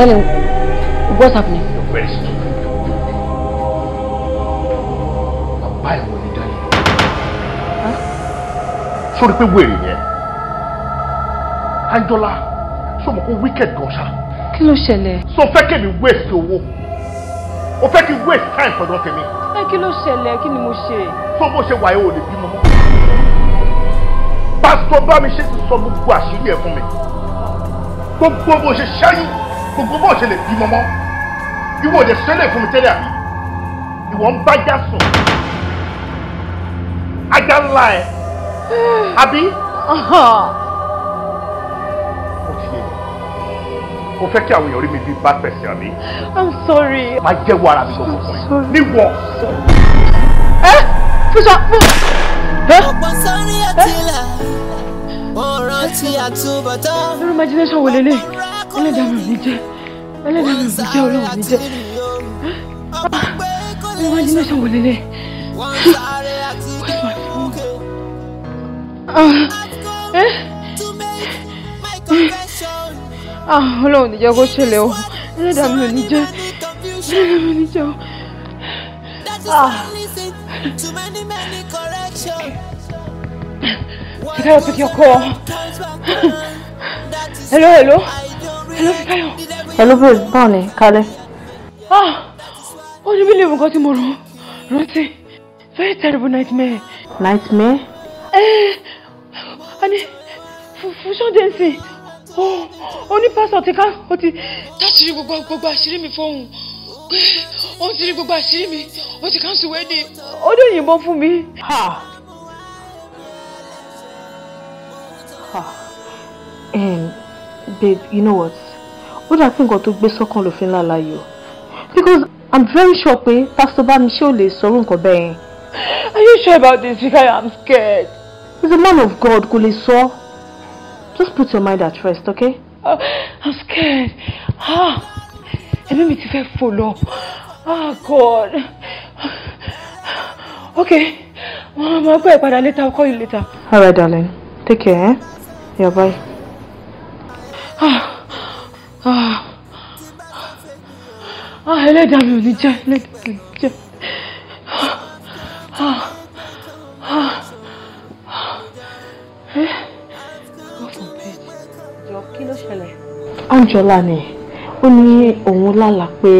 Tell him what's happening. sórí pé wèrè yẹn Anjola sọ ma ko wicked gan ṣá. kí ló ṣẹlẹ̀. sọ fẹ́ kí mi waste owó o fẹ́ kí waste time pẹ̀lú ọkẹ mi. ẹ kí ló ṣẹlẹ̀ kí ni mo ṣe. sọ bó ṣe wà yìí ò lè bímọ mọ́. pásítọ̀ bá mi ṣe ti sọ gbogbo àṣírí ẹ̀ fún mi gbogbo bó ṣe ṣẹ́yìn gbogbo bó ṣe lè bímọ mọ́ ìwọ ò lè ṣẹlẹ̀ fún mi tẹ́lẹ̀ àbí ìwọ ń bá já sùn ajá ńlá ẹ̀. Abi, ó ti yé mi ó fẹ́ kí àwọn èèyàn rí mi bíi bad person àbí. i'm sorry. máa jẹ́wọ́ ara mi gbọ́dọ̀ fún mi níwọ̀. ẹ fúnṣọ fún. ọ̀pọ̀ sọ́ni àtìlà ọ̀rọ̀ tí a lórí imagination wo lélẹ̀ ẹlẹ́dàá mi ò ní jẹ́ ẹlẹ́dàá mi ò ní jẹ́ ọlọ́run mi jẹ́ imagination wo lélẹ̀ ọlọ́run níjẹ́ kó ṣẹlẹ̀ o ẹlẹ́dàá mi ò ní jẹ́ ẹlẹ́dàá mi ò ní jẹ́ o. Fikayo, pick your call. hello, hello. Hello, Fikayo. Hello, Bruce. Báwo ni, Kálẹ̀? Ah! Ó ní bílíọ̀nù nǹkan tí mo rò rántí. Very terrible nightmare. Nightmare? Eh! a ní fúnṣọ́ dẹ́sì onípásọ̀ ti ká ó ti táṣìírí gbogbo gbogbo àṣírí mi fóun pé ó ti rí gbogbo àṣírí mi ó ti káńsù wẹ́ẹ́dì. ó dé yìnbọn fún mi. ha ha um, babe you know what ó dà pé nǹkan tó gbé sọ́kàn ló fi ń lálàyò because i'm very sure pé pásítọ̀ bámi ṣé ò lè sọ̀rọ̀ nǹkan bẹ́ẹ̀ yẹn. are you sure about this because i'm scared. He's a man of God, Kuliso. Just put your mind at rest, okay? Uh, I'm scared. Ah, I'm mi ti fẹ́ fò Ah, God. Okay. Mama, I'll go back later. I'll call you later. All right, darling. Take care, eh? Yeah, bye. Ah, ah. Ah, ẹlẹ́dàá mi ò ní jẹ́, ẹlẹ́dàá Ah, ah, ah. Eh? jọ kí ló ṣẹlẹ̀. Anjola ni ó ní òun lálàá pé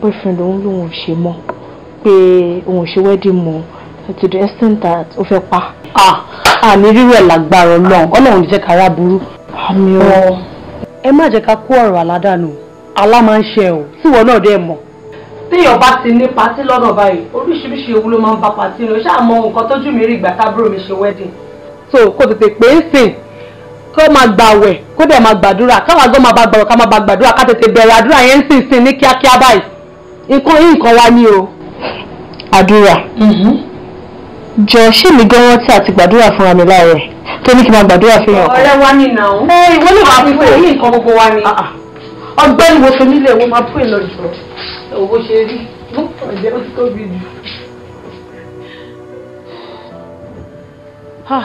boyfriend òun lòun ò ṣe mọ́ pé òun ò ṣe wedding mọ́ to the extent that ó fẹ́ pa. àmì rírọ̀ lágbára ọlọ́run ọlọ́run ní jẹ́ ká rà burú. àmì ọ. ẹ má jẹ́ ká kó ọ̀rọ̀ aládàánu alá máa ń ṣe ẹ̀ o tíwọ́ náà dẹ̀ mọ̀ téèyàn bá ti ní patí lọ́nà báyìí oríṣiríṣi ewu ló máa ń bá patí lọ ṣáà mọ nǹkan tójú mi rí ìgbà tábúrò mi ṣe wedding. so kò tètè pé ń sìn kó máa gbàwẹ̀ kó dẹ̀ máa gbàdúrà káwọn àgọ́ máa bá gbàwẹ̀ ká máa bá gbàdúrà ká tètè bẹ̀rẹ̀ àdúrà yẹn ń sìn sìn ní kíákíá báyìí nǹkan yìí nǹkan wá ní o. àdúrà mm-hmm. jọ ṣé mi gan rántí àti gbàdúrà fúnra mi láàárẹ̀ tó ní kí n máa gbàdúrà fi hàn. ọ̀rẹ́ wa ni nà ó. ẹ ìwọ lè máa pè é yìí nǹkan gbogbo wa ni. Ah, ah. ọgbẹ́ni wo fèmí lè wo máa pè é lọ́jọ́ owó ṣe rí mú ọ̀jẹ́ ó tóbi jù. ha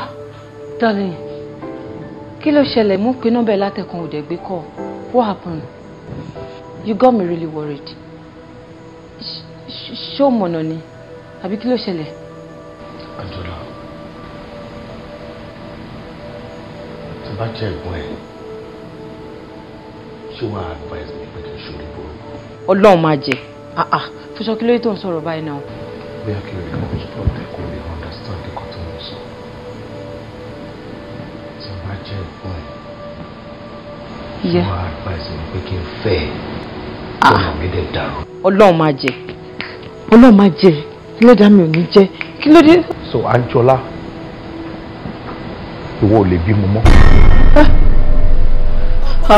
darling kí ló ṣẹlẹ̀ mú pinnu bẹ́ẹ̀ látẹ̀kùn òdẹ̀ gbé kọ́ what happened you got me really worried ṣé o mọ̀nà ni àbí kí ló ṣẹlẹ̀. àjọlá tí bá jẹ́ ẹ̀gbọ́n ẹ̀ ṣé wàá advise me ọlọ́run máa jẹ fúnṣọ ah, ah. kí ló yẹ tó ń sọ̀rọ̀ báyìí náà. bóyá kí lórí kan tó lọ kó lè understand nǹkan tó ń sọ tí wọ́n bá jẹ́ ìpọ́n ẹ̀ wọ́n á advice mi pé kí n fẹ́ ẹ̀ ah. ọ̀nà dàrú. ọlọ́run máa jẹ ọlọ́run máa jẹ kí ló dá mi ò ní jẹ kí ló dé. so Anjola ìwọ ò lè bímọ mọ́. ṣó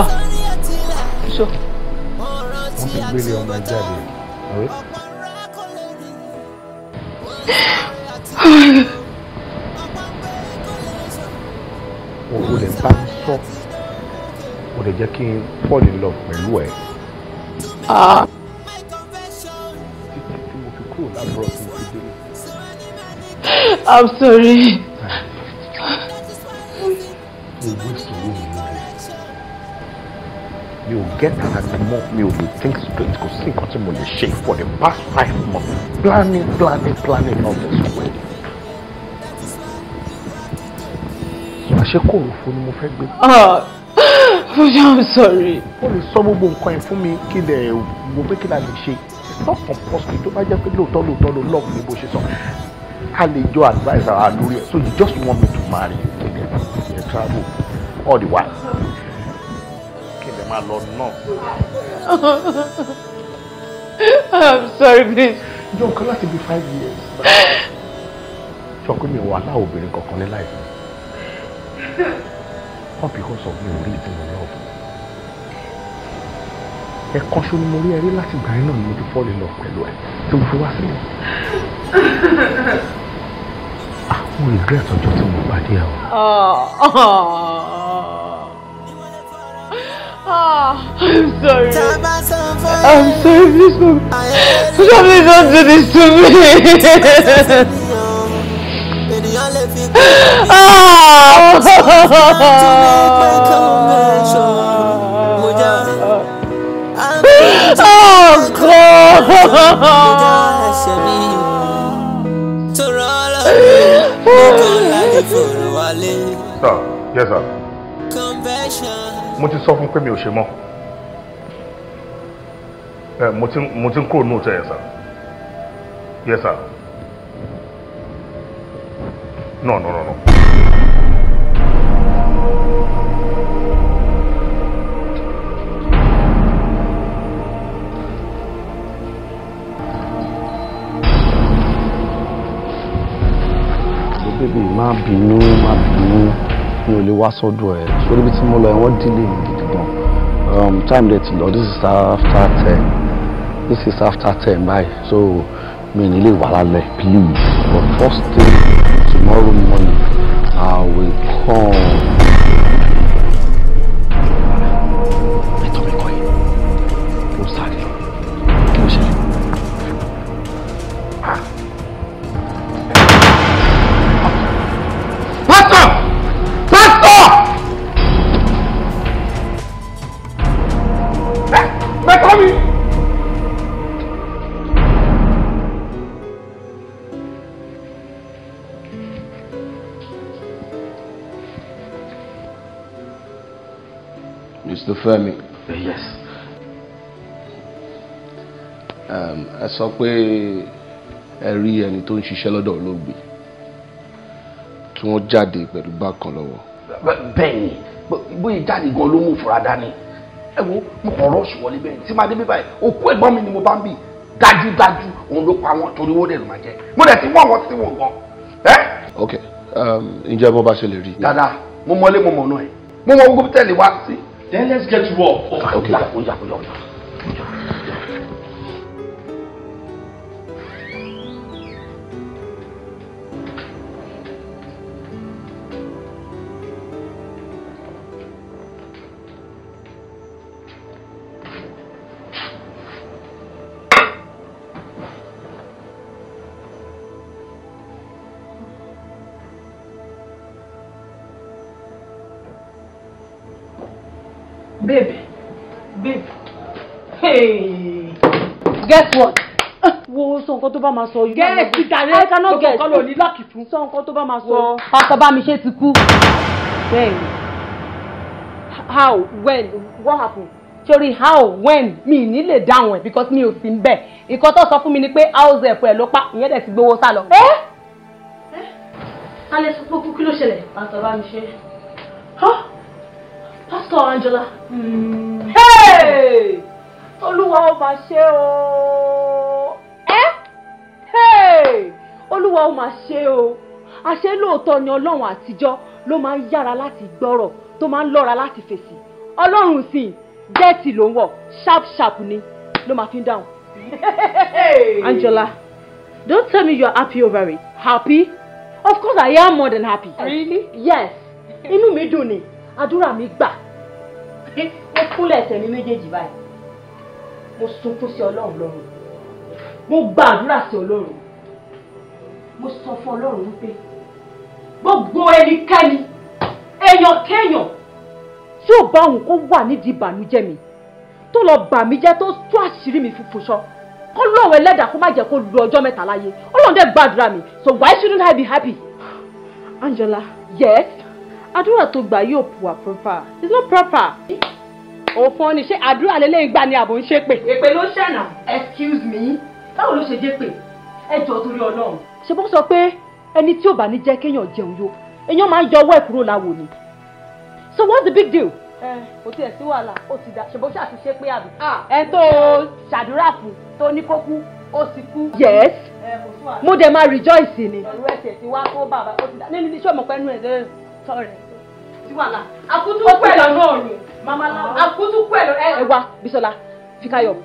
wọ́n fi gbélé ọmọ jáde. o lè bá sọ o lè jẹ́ kí n fall in love pẹ̀lú ẹ̀. títí tí mo fi kúrò lábúrò tí mo fi délé. I'm sorry. Oh, You ò get àti mọ́ You ò lè think straight kò sí what you mo lè ṣe for the past five months planning planning planning all this way. àṣekòrò fún ni mo fẹ́ gbé. fúnjọ́ ah, i'm sorry. ó lè sọ gbogbo nǹkan yẹn fún mi kí lè wo pé kí la lè ṣe not compulsory tó bá jẹ́ pé lóòótọ́ lóòótọ́ ló lọ́ọ̀kù ní bó ṣe sọ a lè jọ advice ara lórí ẹ̀ so you just want me to marry you together you travel all the while máa lọ náà. I'm sorry please. Ìjọ nǹkan láti bí five years. Sọ pé mi ò wà láwọn obìnrin kankan ní láì fún mi. Not because of me ò rí ìdùnnú love. Ẹ̀kan ṣo ni mo rí ẹrí láti gbà náà ni mo ti fall in love pẹ̀lú ẹ̀ tí mo fi wá sílẹ̀. Àwọn ah, regret ọjọ́ tí mo pàdé ẹ̀ o. Oh, I'm sorry. I'm sorry, please don't. Please don't do this to me. oh, oh God. Sir, yes, sir. mo ti sọ fún pé mi ò ṣe mọ́ ẹ mo ti mo ti ń kúrò nóòtù ẹ̀ sà yẹ sà no no no no. bébè má bínú má bínú mi ò lè wá sọ́dọ̀ ẹ̀ sórí ibi tí mo lọ ẹ̀ wọ́n dílé gidi gan um, time dey ti lọ this is after ten this is after ten Bye. so mi ò ní lè wà lálẹ́ please but first thing tomorrow morning I will come. olólùfẹ́ mi. yes. Um, ẹ sọ pé ẹ rí ẹni tó ń ṣiṣẹ́ lọ́dọ̀ olóògbé tí wọ́n jáde pẹ̀lú bákan lọ́wọ́. bẹ́ẹ̀ni bóyá jáde gan ló mú fura dání ẹ wo mo kàn rọ́ọ̀ṣù wọlé bẹ́ẹ̀ tí máa dé bí báyìí òkú ẹ̀gbọ́n mi ni mo bá ń bì dájúdájú òun ló pa wọn torí owó dẹ̀ máa jẹ mo dẹ̀ ti wọ́n wọn sí wọn gan. ok um, ǹjẹ́ bó bá ṣe lè rí. dáadáa mo mọlé mo mọ̀nà ẹ̀ mo mọ gbogbo tẹ̀lé wá sí. Then let's get to work. Okay, okay. guess what. wo sọ nǹkan tó bá máa sọ yìí. gẹ́ẹ̀sì jàre I cannot guess. kọ́kọ́ lò ní lọ́ọ̀kì fún. sọ nǹkan tó bá máa sọ. pásítọ̀ Bámiṣé ti kú. bẹ́ẹ̀ni how when what happened? Sorry, how when mi ní lè dáhùn ẹ̀ because mi ò sí ń bẹ̀ ìkan tó sọ fún mi ni pé house ẹ̀ fún ẹ̀ ló pa ìyẹn dẹ̀ ti gbowó Eh? lọ. ẹ ẹ alẹ́ sọ pé kú kí ló ṣẹlẹ̀ pásítọ̀ Bámiṣé. Pastor Angela. Mm. Hey! olúwa ó máa ṣe o ẹ́ olúwa ó máa ṣe o àṣé lóòótọ́ ni ọlọ́run àtijọ́ ló máa ń yára láti gbọ́rọ̀ tó máa ń lọ́ra láti fèsì ọlọ́run sì gẹ́ẹ̀tì ló ń wọ̀ sharp sharp ni ló máa fi ń dáhùn. Angela don't tell me you are happy over it. happy of course I am more than happy. really yes inú mi dùn ni àdúrà mi gbà ó kúnlẹ̀ ẹsẹ̀ mi méjèèjì báyìí mo sunkún sí ọlọ́run lọ́rùn mo gba àdúrà sí ọlọ́run mo sọ fún ọlọ́run wípé gbogbo ẹnikẹ́ni èèyàn kéèyàn tí ò bá òun kó wà nídìí ìbànújẹ́ mi tó lọ bà mí jẹ́ tó tú àṣírí mi fúnfun ṣọ́ kó lọ́wọ́ ẹlẹ́dàá kó má jẹ́ kó lu ọjọ́ mẹ́ta láyé ọlọ́run dẹ̀ gbàdúrà mi so why shouldn't I be happy. Angela yes àdúrà tó gbà yóò wà proper it's not proper òfò ni ṣé àdúrà lélẹ́yìn gbà ni àbò ń ṣe pè. èpè ló ṣànà excuse me báwo ló ṣe jẹ́ pé ẹ jọ torí ọlọ́run. ṣé bó sọ pé ẹni tí ò bá ní jẹ́ kéèyàn jẹun yó èèyàn máa ń yọ ọwọ́ ẹ̀ kúrò láwo ni so what's the big deal. ẹ kò tiẹ̀ sí wàhálà ó ti dà ṣe bó ṣàti ṣe pé àbí. Ah, ẹ tó ṣàdúrà fún tó ní kó kú ó sì kú. yes mo dẹ̀ máa rejoice ni. pẹ̀lú ẹ̀sẹ̀ tí wàá kó bàbá ó ti dà nínú iṣẹ́ ọmọ pẹ́ẹ́nu ẹ̀ lẹ́yìn sọ̀rọ̀ sí ah. Bisola Fikayo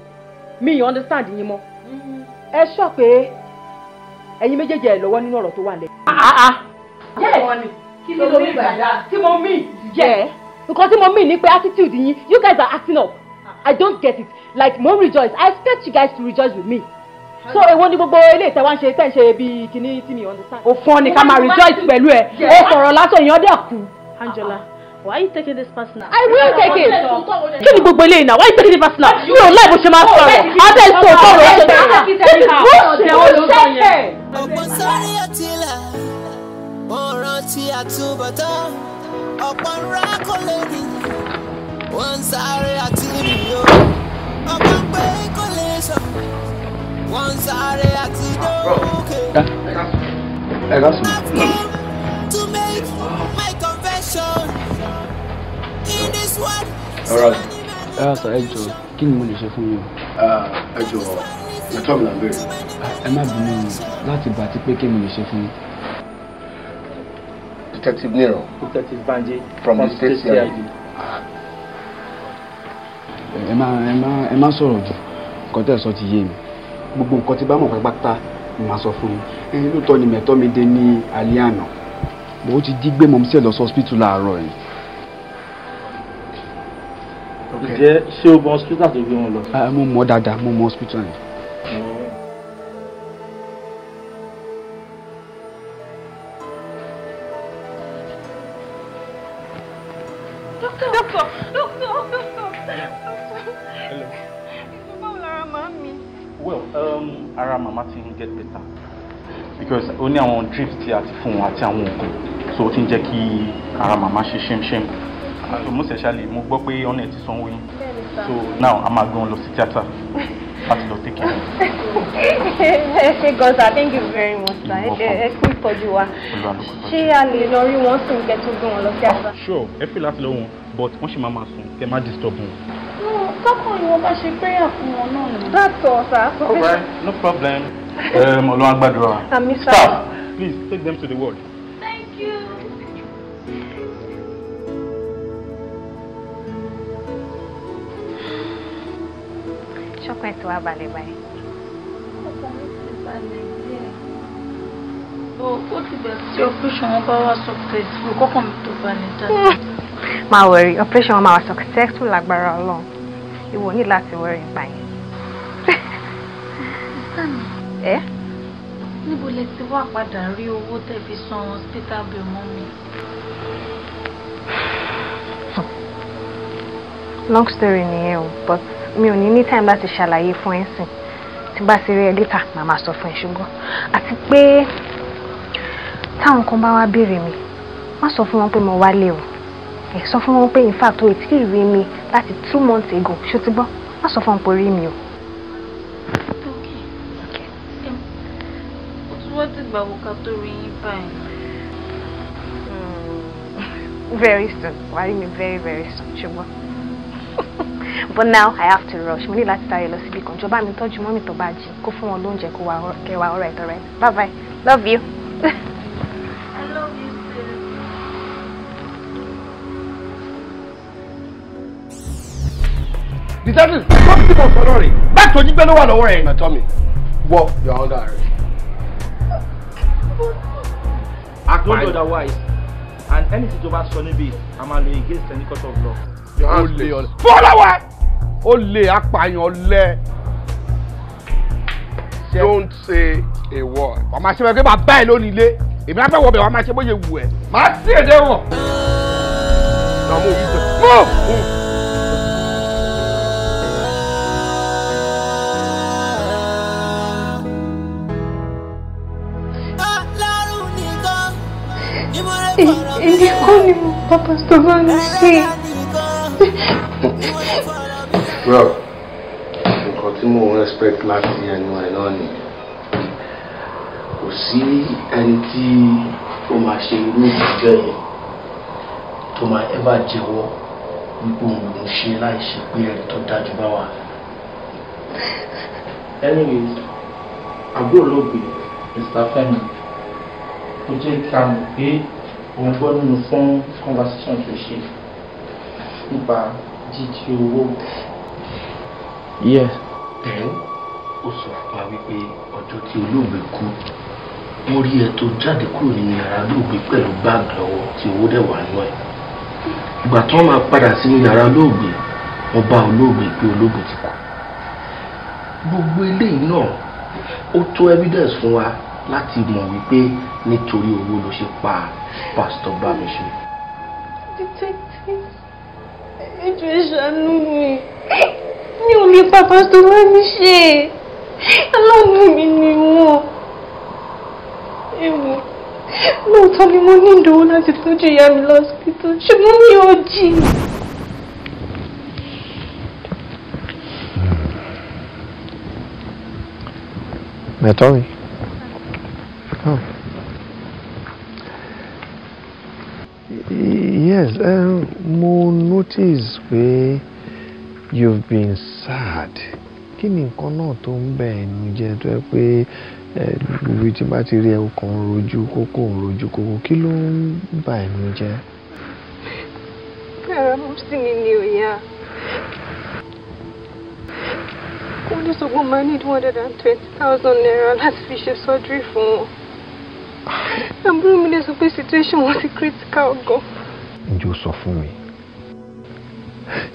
mi yàn understand yín mọ́ mm-hmm. ẹ sọ pé ẹ̀yin méjèèjì ẹ lọ́wọ́ nínú ọ̀rọ̀ tó wà lẹ. Ah, ah, yẹ kí ló mi gbàdá nǹkan tí mo mì ni pé attitude yín you guys are acting up i don't get it like mo rejoice i expect you guys to rejoice with me so èwo ni gbogbo ilé ìtẹ̀wá ń ṣe tẹ̀ ń ṣe bíi kíní tí mi understand. òfin ni ká máa rejoice pẹ̀lú ẹ o sọ̀rọ̀ lásán èèyàn dẹ̀ kú. Angela, why are you taking this personal? I will take it. Kí ni gbogbo eléyìí náà? Why are you taking it personal? Mi ò láì bó ṣe máa sọ̀rọ̀. Adé sọ sọ̀rọ̀ ṣe This is bullshit. Ọ̀pọ̀ sọ́rí ọtílà, mo rántí àtúbọ̀tán, ọ̀pọ̀ nra kò lè ní, wọ́n ń sáré àti alright. ẹ sọ ẹ jọ kí ni mo lè ṣe fún yín o. ẹ jọ ẹ̀tọ́ mi là detective nero. detective Banji from, from the state cid. ẹ má ẹ má ẹ má sọ̀rọ̀ jù nǹkan tẹ̀ sọ ti yé mi gbogbo nǹkan tí bá mọ̀ pátápátá ni màá sọ fún yín ẹ̀yin lóòótọ́ ni mẹ̀tọ́ mi dé ní alẹ́ àná bó ti jí gbé mọ̀mísẹ́ lọ sọ́spítù láàárọ̀ yìí. ǹjẹ́ ṣé o mọ hospital tó gbé wọn lọ. Ah, mo mọ dáadáa mo mọ hospital yẹn. Um, ara màmá ti ń get better because ó ní àwọn drips tí a ti fún wọn àti àwọn oògùn so ó ti ń jẹ́ kí ara màmá ṣe ṣẹ́mṣẹ́m so most especially mo gbọ́ pé ọ̀nà ti sanwó yín so now a máa gan lọ sí tíátà láti lọ take care. ẹ ṣe thank you very much ẹ kú ìtọ́jú wa ṣé a lè lọ rí wọn sùn kẹ́ tó gbé lọ sí àgbà. sure ẹ fi láti lọ wọn but wọn ṣì máa máa sùn kẹ́ má disturb wọn. Hmm, kọ́kọ́ ni wọ́n bá ṣe prayer fún wọn náà ni. that's all sir. all right no problem. ọlọ́run á um, gbàdúrà. staff please take them to the ward. ọkọ ẹ̀ wá balẹ̀ báyìí. ó ti bẹ̀rẹ̀ sí operation wọn bá wá successful kọ́kọ́ mi tó balẹ̀ dáadáa. máa wẹ̀rì operation wọn máa wá successful lágbára ọlọ́run ìwọ ní láti wẹ̀rì ìgbà yẹn. ẹ. níbo lẹ ti wá padà rí owó tẹ́ san hospital bill mọ́ mi long story nìyẹn o but mi ò ní ní time láti ṣàlàyé fún ẹ sìn tí bá ti rí ẹ létà màá máa sọ fún ẹ ṣùgbọ́n àti pé táwọn kan bá wá béèrè mi má sọ fún wọn pé mo wálé o ẹ sọ fún wọn pé in fact o ìtí rí mi láti two months ago ṣó ti gbọ́ má sọ fún wọn pé rí mi o. wọ́n ti gbà wò ká tó rí yín báyìí. very soon wàá rí mi very very soon ṣùgbọ́n. but now I have to rush mo ní láti sáré lọ síbi kan jọba mi tọ́jú mọ́mì tó bá jí kó fún wọn lóúnjẹ kó wa kẹwàá ọ̀rẹ́ ìtọ́rẹ́ bye bye love you. Detective, come to the Back to Jigbe ló one lọ́wọ́ rẹ̀. My Tommy, wọ, you're are under arrest. Act don't otherwise, and anything tó bá sọ níbi, a against any court of law o lè ọ̀lẹ fọlọ́wẹ́ o lè don't say a word. wàá máa ṣe wẹ́n pé bàbá ẹ̀ lónìí ilé èmi á fẹ́ wọ̀ bẹ̀ wàá máa ṣe bóyá ewu ẹ̀ máa sí èdè wọn. na mo fi sọ mo mo. Ele é cônico, Papa Stovani, sim well nǹkan tí mò ń expect láti ẹnu ẹ náà ni kò sí ẹni tí ó máa ṣe irú ìjọ yẹn tó máa ẹ bá jẹ́wọ́ wípé òun lòún ṣe láì ṣe pé ẹni tó dájú bá wà. anyways àbúrò lóògbé Mr. Femi ó jẹ́ ká mọ̀ pé òun gbọ́ nínú fún conversation tó ṣe nípa jíjí owó. yẹ. ẹ o sọ fún wa wípé ọjọ́ tí olóògbé kú wọ́n rí ẹ tó jáde kúrò nínú yàrá olóògbé pẹ̀lú báàgì lọ́wọ́ tí owó dẹ̀ wà nínú ẹ̀ ìgbà tí wọ́n máa padà sínú yàrá olóògbé wọ́n bá olóògbé pé olóògbé ti kú gbogbo eléyìí náà ó tó evidence fún wa láti mọ̀ wípé nítorí owó ló ṣe pa pásítọ̀ Bámiṣé ètò ìṣàánú mi mi ò lè bàbá tó wá mi ṣe aláàánú mi ni wọn ewu lóòótọ́ ni mo ní ìdòwò láti tọ́jú ìyá mi lọ́sítítọ́ ṣùgbọ́n mi ò jì. Mẹ́tọ́ mi. Oh. yes um, mo notice pé you've been sad kí ni nǹkan náà tó ń bẹ̀ ẹnu jẹ́ tó yẹ pé eh, ibi tí bá ti rí ẹ kàn ń rojú kókó ń rojú kókó kí ló ń bà ẹnu jẹ́. ara mú sí mi ni ò yá ní sọ́gbọ́n máa ní one hundred and twenty thousand naira láti fi ṣe surgery fún wọn àbúrò mi dẹ̀ sọ pé situation wọn ti critical gan. ǹjẹ́ o sọ fún mi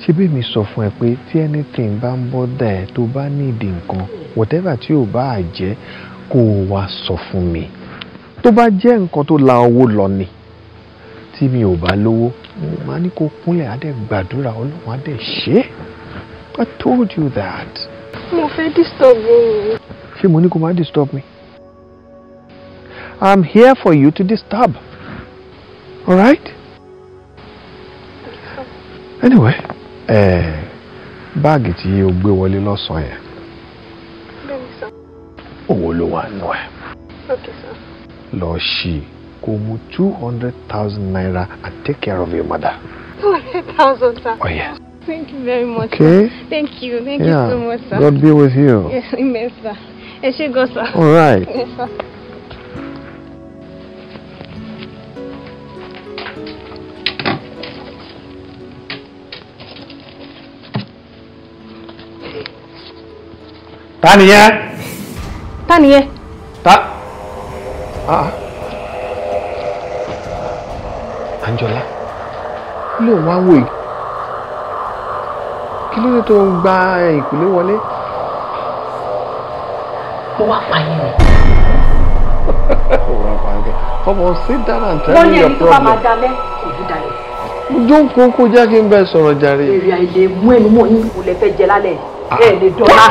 ṣé bí mi sọ fún ẹ pé tí anything bá ń bother ẹ tó bá ní ìdí nǹkan whatever tí ò bá jẹ́ kó o wá sọ fún mi tó bá jẹ́ nǹkan tó la owó lọ ni tí mi ò bá lówó mo máa ní kó kúnlẹ̀ á gbàdúrà ọlọ́run á ṣe é I told you that. mo fẹ́ disturb mi. ṣé mo ní kó má disturb mi. I'm here for you to disturb. All right? Anyway, eh, báàgì tí o gbé wọlé lọ́sàn-án yẹn. Bẹ́ẹ̀ni sọ. Owó ló wà nù Okay sir. Lọ ṣí kó mú two hundred thousand naira and take care of your mother. Two hundred thousand sir. Oh yes. Thank you very much. Okay. Sir. Thank you. Thank yeah. you so much, sir. God be with you. Yes, amen, sir. Yes, go, sir. All right. Yes, sir. ta nìyẹn. ta nìyẹn. Anjola kí ló wá wò yìí kí ló dé tó ń gba eh, ìpínlẹ̀ wọlé. ó wá pààyàn ni. ọmọ sí dára tẹ́lẹ̀ yọ problem. wọ́n ní ẹni tó bá máa dalẹ̀ kò ní dalẹ̀. jókòó kó jẹ́ kí n bẹ sọ̀rọ̀ jàre. èrè àìlè mú ẹnu mọ́ yín kò lè fẹ́ jẹ lálẹ́ ẹ lè dọ́là.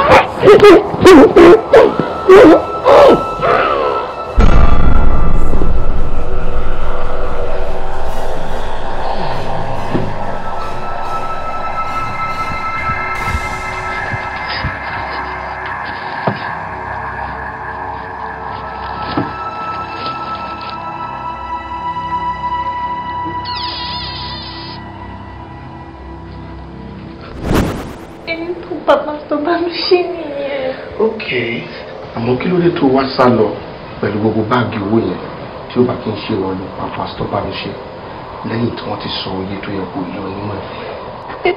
ṣe nìyẹn. ok àmọ́ kí ló dé tó wá sá lọ pẹ̀lú gbogbo báàgì owó yẹn tí ó bá kí n ṣe wọ́n lọ pàápàá tó bá mi ṣe lẹ́yìn tí wọ́n ti sọ iye tó yẹ kó yọ nínú ẹ̀.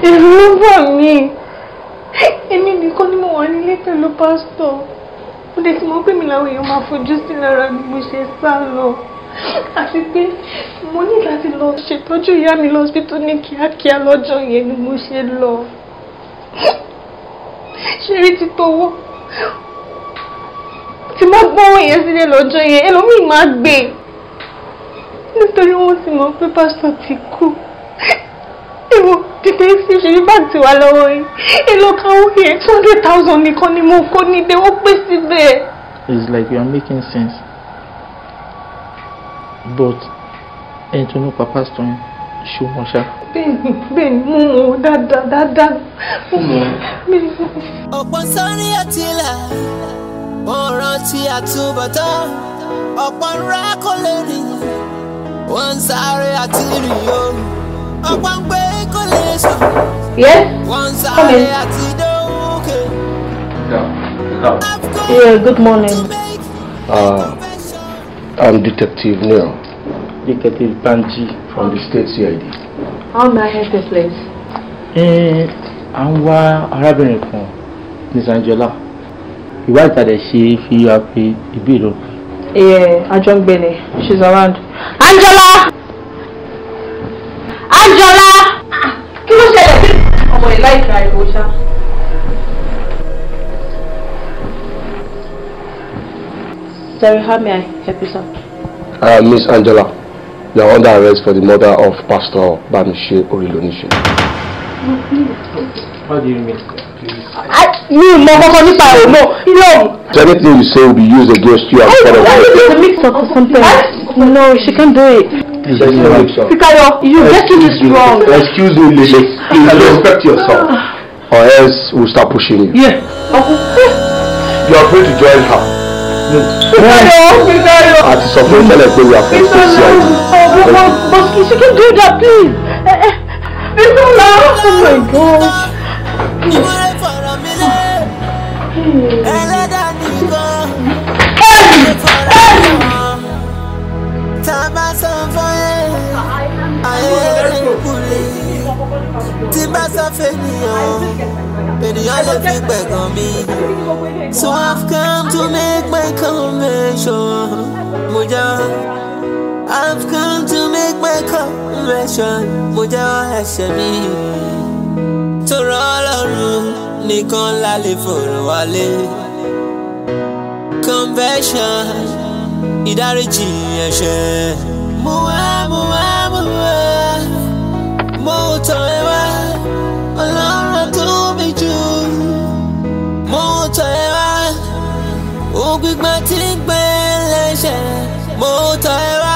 ẹ̀rù ló bà mí èmi nìkan ni mo wà nílé pẹ̀lú pásítọ̀ ó dé tí mo pè mí láwọn èèyàn máa fojú sí lára bí mo ṣe sá lọ àti pé mo ní láti lọ ṣètọ́jú ìyá mi lọ́sibítù ní kíákíá lọ́jọ́ yẹn ni mo ṣe lọ ṣe rí ti towó tí má gbówó yẹn sílé lọ́jọ́ yẹn ẹlòmíì má gbé nítorí wọ́n ti mọ̀ pé pásítọ̀ ti kú ìwọ tètè sí ṣe ní báàgì wa lọ́wọ́ yìí èlò kan ó yẹ two hundred thousand nìkan ni mo kó nílé ó pé síbẹ̀. it's like you are making sense but ẹni tó ní pa pásítọ̀ yẹn ṣé o mọ̀ ṣá. bẹ́ẹ̀ni bẹ́ẹ̀ni mo dáadáa dáadáa. mo mọ̀ ọ̀pọ̀ sọ́ni àtìlà ó rántí àtúbọ̀tán ọ̀pọ̀ ńlá kò lè rí wọ́n ń sáré àti rí o ọ̀pọ̀ ń gbé kò lè sọ wọ́n ń sáré àti dókè. Yeah, good morning. Uh, I'm Detective Neil. Dikete Banji from the state CID. How may I help you please? Ẹ à ń wá arábìnrin kan ní Sanjola. Ìwà ìtàdẹ̀ ṣe fi wá pé ìbí ìlú. Ẹ Yeah, ń gbé ni, she's around. Angela, Anjola! Kí ló ṣẹlẹ̀ sí ọmọ ìlà ìtura ìlú ṣá? Sorry, how may I help you sir? Uh, Miss Angela. You are under arrest for the murder of Pastor Bamishe Orilonishe. How do you mean? Mi mọ kọ́kọ́ nípa ẹ̀ náà. No. So anything you say will be used against you and for the world. It's a mix up or something. No, she can't do it. Fikayo, you're getting this wrong. Excuse me, Lily. You can respect yourself. Or else we'll start pushing you. Yeah. You are free to join her a ti sọ fún mi tẹ́lẹ̀ pé we are from but she uh, can do that please. Bisola uh, uh, oh my God. Tabasa fire, I am cool tí bá sáfẹ́ nìyàn ènìyàn lè fi pẹ̀gàn mi. So I've come to make my confession. Mo jẹ́ wá. I've come to make my confession. Mo jẹ́ wá ẹ̀ṣẹ̀ mi. Tọrọ Ọlọ́run nìkan la lè fọ̀rọ̀ wálé. Confession ìdáríjì ẹ̀ṣẹ̀. Mo wá mo wá mo tọ̀ ẹ́ wá ọlọ́run tó mi jù mo tọ̀ ẹ́ wá ògbígbà tí ń gbé lẹ́sẹ̀ mo tọ̀ wá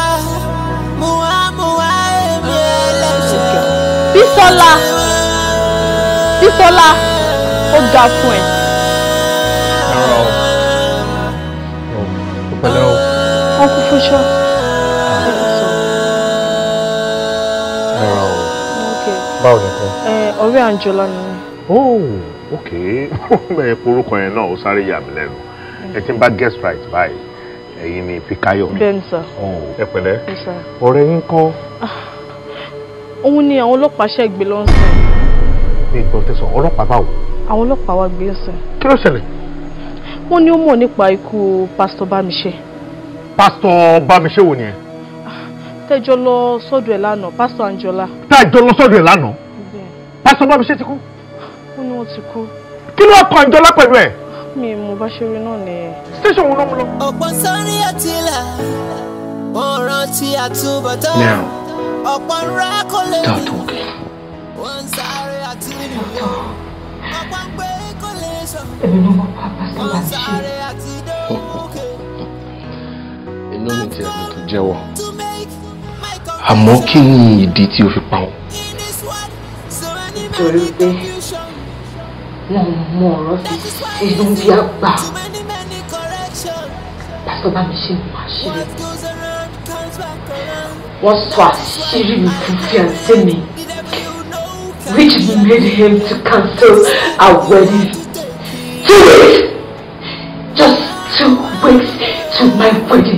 mo wá mo wá èmi ẹlẹ́sẹ̀. bísọ́lá bísọ́lá ó ga fún ẹ. ẹ̀rọ ọ̀ ọ̀ pẹ̀lẹ́ o. wọ́n kú fún ṣọ́ọ̀. báwo ni kọ́. ọ̀rẹ́ àǹjọ́lá ni. oh ok bẹ́ẹ̀ orúkọ yẹn náà ó sáré yà mí lẹ́nu ẹ ti ń bá guest right báyìí ẹ̀yin ni Fikayo. bẹ́ẹ̀ni sà. Oh, ẹ pẹ̀lẹ́ ọ̀rẹ́ yín kọ́. Ah, òun ni àwọn ọlọ́pàá ṣe gbé lọ sàn. ní ìgbọ́ tẹ̀sán ọlọ́pàá báwo. àwọn ọlọ́pàá wa gbé sàn. kí ló ṣẹlẹ̀. wọ́n ní ó mọ̀ nípa ikú pásítọ̀ Bámiṣẹ́. pásítọ̀ Bámiṣẹ́ wo ni ẹ tẹ́jọ́ lọ sọ́dọ̀ ẹ̀ lánàá pásítọ̀ Anjola. tẹ́jọ́ lọ sọ́dọ̀ ẹ̀ lánàá pásítọ̀ bá mi ṣe ti kú. ó ní wọn ti kú. kí ló kọ Anjola pẹ̀lú ẹ̀. mi mo bá ṣe rí náà nìyẹn. station wo ló mú lọ. ọ̀pọ̀ sọ́rí àtìlà ọ̀rọ̀ tí a túbọ̀ tán. ọ̀pọ̀ nra kò lè rí wọ́n sáré àti ìrìnwó. ọ̀pọ̀ pé kò lè sọ. èmi ló mọ pápá sí àmọ́ kí ni ìdí tí o fi pa wọn. nítorí pé wọn mọ ọ̀rọ̀ sí inú bí a gbà pásítọ̀ bá mi ṣe mú àṣírí wọ́n sọ àṣírí mi fún fiancé mi which made him to cancel our wedding two weeks just two weeks to my wedding.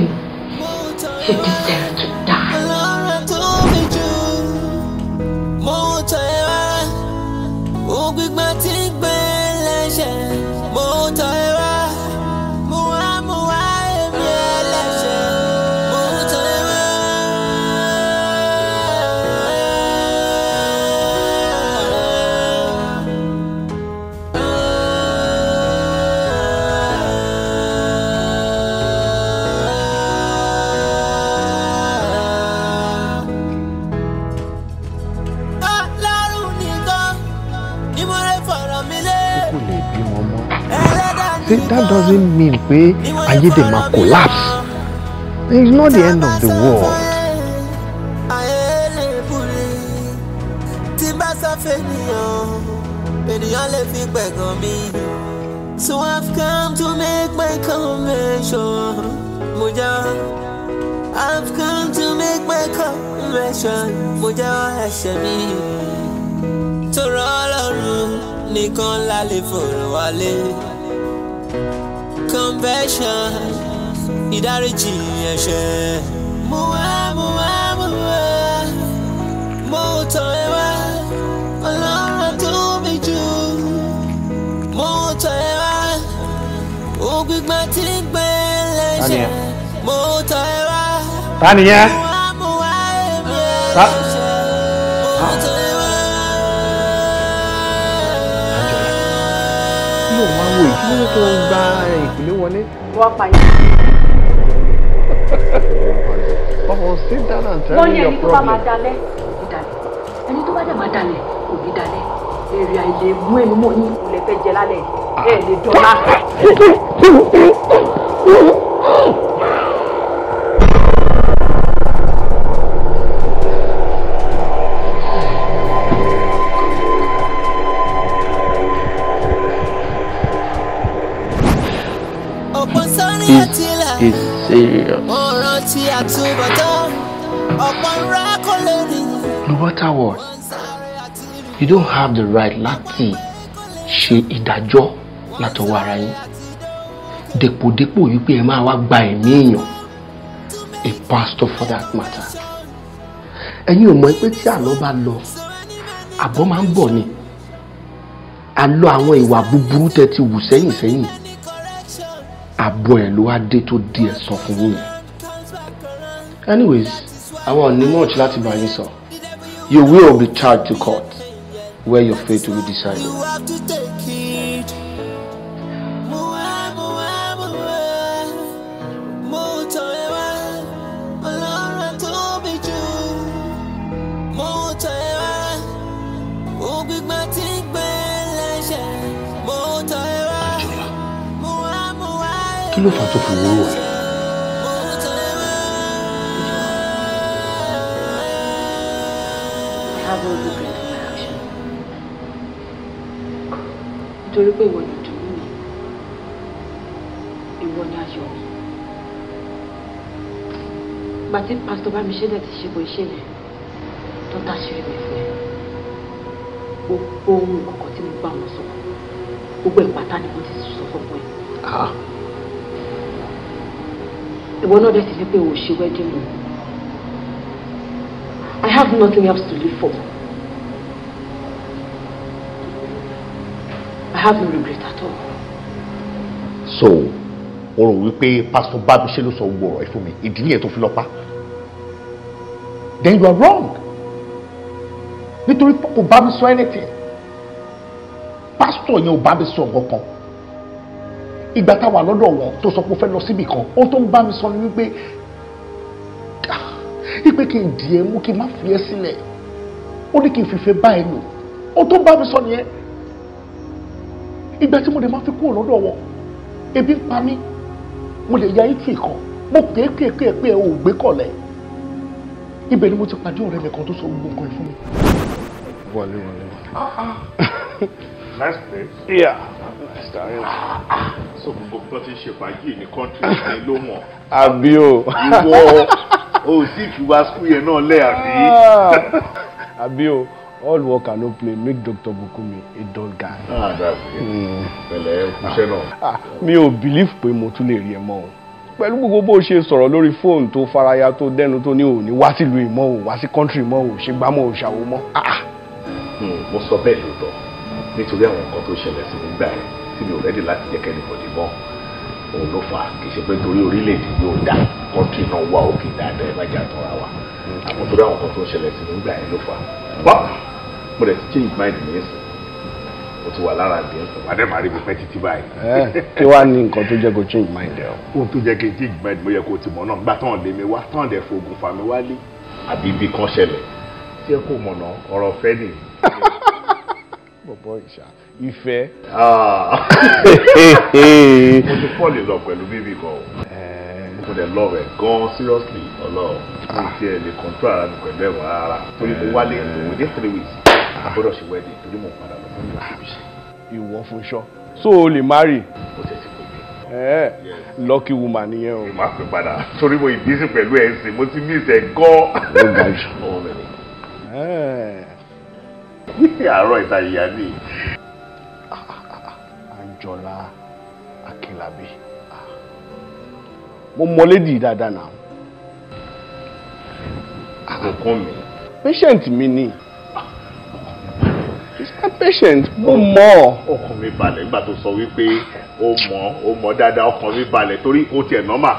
doesn't mean pé ayé dẹ̀ máa collapse it's not the end of the world. so I've come to make my confession mo I've come to make my confession mo jẹ́ ẹ̀ṣẹ̀ mi tó rán Ọlọ́run nìkan la lè fọ̀rọ̀ wálé convention ìdáríjì ẹ̀ṣẹ̀. mo wá mo wá mo wá mo tọ̀ ẹ́ wá ọlọ́run tó mi jù mo tọ̀ ẹ́ wá ó gbígbá tí ń gbé lẹ́ṣẹ̀ mo tọ̀ ẹ́ wá. ta ni mo wá èmi ẹ̀ṣẹ̀ mo tọ̀ ẹ́ wá. yóò máa tó ń gba ẹ̀yìn tó wá pààyàn. ọmọ sit down and tell me your problem. wọ́n ní ẹni tó bá máa dalẹ̀ kò dalẹ̀ ẹni tó bá dẹ̀ máa dalẹ̀ kò serious. no matter what you don't have the right lati ṣe ìdájọ́ látọwọ́ ara yín dèpòdépò wípé ẹ máa wá gba ẹ̀mí èèyàn a pastor for that matter ẹ̀yin ò mọ̀ pé tí àlọ́ bá lọ àbọ̀ máa ń bọ̀ ni àlọ́ àwọn ìwà búburú tẹ́ ti wù sẹ́yìn sẹ́yìn àbọ̀ ẹ̀ ló wá dé tó di ẹ̀ sọ fún yín anyways àwọn ò ní much láti bá yín sọ you will be charged to court where your fate will be decided. kí ló fà tó fi wúrò ẹ. nítorí pé ìwọ ni ìdùnnú mi ìwọ ni ayọ̀ mi gbàtí pásítọ̀ bá mi ṣe dẹ̀ ti ṣe kò ṣe yẹn tó tá a ṣe mi fún ẹ gbogbo ohun kọ̀ọ̀kan tí mo bá wọn sọ gbogbo ìpátá ni mo ti sọ fún ẹ. Ah ìwọ náà dẹ̀ ti fi pé o ṣe wedding mọ́ I have nothing else to live for I have no regret at all. so o rò wípé pastor babise ló sọ gbogbo ọ̀rọ̀ ẹ fún mi ìdí nìyẹn tó fi lọ pa then you are wrong nítorí kò bá mi sọ anything pastor yẹn ò bá mi sọ nǹkan kan ìgbà tá a wà lọ́dọ̀ wọn tó sọ pé ó fẹ́ lọ síbì kan ohun tó ń bá mi sọ ni wípé ipe ah, kí n dì ẹ́ mú kí n má fi ẹ́ sílẹ̀ ó ní kí n fìfẹ́ bá ẹ lò ohun tó ń bá mi sọ nìyẹn ìgbà tí mo lè má fi kúrò lọ́dọ̀ wọn ebi ń pa mí mo lè ya ìtì kan mo pè é pè é pè é pè é ò gbé kọ̀lẹ́ ibẹ̀ ni mo ti pàdé ọ̀rẹ́ mi kan tó sọ gbogbo nǹkan yìí fún mi. wọlé wọlé. Ah, ah. nice place. Yeah style. so gbogbo tó ti ṣe fàájì ní kọ́ńtì yẹn ló mọ̀. àbí o. ìwọ o sì fi wá skul yẹn náà lẹ́ àbí. Ah! àbí o all work and no play make doctor Bukumi a dull guy. Ah, hmm. pẹ̀lẹ́ òkúṣẹ náà. Ah, mi ò believe pé mo tún lè rí ẹ mọ́ o pẹ̀lú gbogbo bó ṣe sọ̀rọ̀ lórí fóònù tó faraya tó dẹnu tó ní òní wá sílùú ìmọ̀ o wá sí kọ́ńtì ìmọ̀ o ṣe gbámọ̀ o ṣàwọ̀ mọ́. Hmm, mo sọ bẹ́ẹ̀ lóòótọ́ nítorí àwọn nǹkan tó ṣẹlẹ̀ sí nígbà yẹn tí mi ò rẹ́dì láti jẹ́ kẹ́nìbọ̀dì mọ́ òun ló fà á kì í ṣe pé torí orílẹ̀-èdè yóò dá kọ́ńtì náà wà òkè dáadáa ẹ má jà tọ́ra wa àwọn torí àwọn kan tó ń ṣẹlẹ̀ sí nígbà yẹn ló fà á. mo rẹ̀ ti change mind mi ẹ̀sìn o ti wà lára bí ẹsẹ̀ wà dẹ́ẹ̀ máa rí mi pẹ́ títí báyìí. kí wàá ní nǹkan tó jẹ́ kó change mind ẹ o. ohun tó jẹ́ kí n change mind mo yẹ kó o ti mọ̀ náà nígbà tán lé mi wá tán dẹ̀ fògùn fà mí wálé. àbí ibi kan ṣẹlẹ̀ tí ẹ kò mọ̀nà ọ̀rọ̀ fẹ́ nìyí. bọ̀bọ̀ ìṣá ìfẹ́. Ah. mo ti fall in love pẹ̀lú bíbí kan o eh. dẹ̀ lọ rẹ̀ gan seriously ọlọ́run mo ti ẹ̀ lè control ara mi pẹ̀lú ẹ̀wọ̀n rárá torí mo wálé ẹ̀sìn eh. within three weeks àbúrò ṣe wedding torí mo padà lọ fún mi. Ah. ìwọ fún ṣọ so o lè marry. o tẹ̀ sí ẹ eh. lucky woman nìyẹn o. má pè padà torí mo ìbísí pẹ̀lú ẹ̀sìn mo ti miss ẹ̀ gan. ó ga jù. àárọ̀ ìta ìyá ni Jọlá Akínlábí mo mọ lédi dáadáa náà. àkókò mi. patient mi ni it's patient mo mọ. ọkàn mi balẹ̀ nígbà tó sọ wípé ó mọ̀ ó mọ̀ dáadáa ọkàn mi balẹ̀ torí ó tiẹ̀ nọ́mà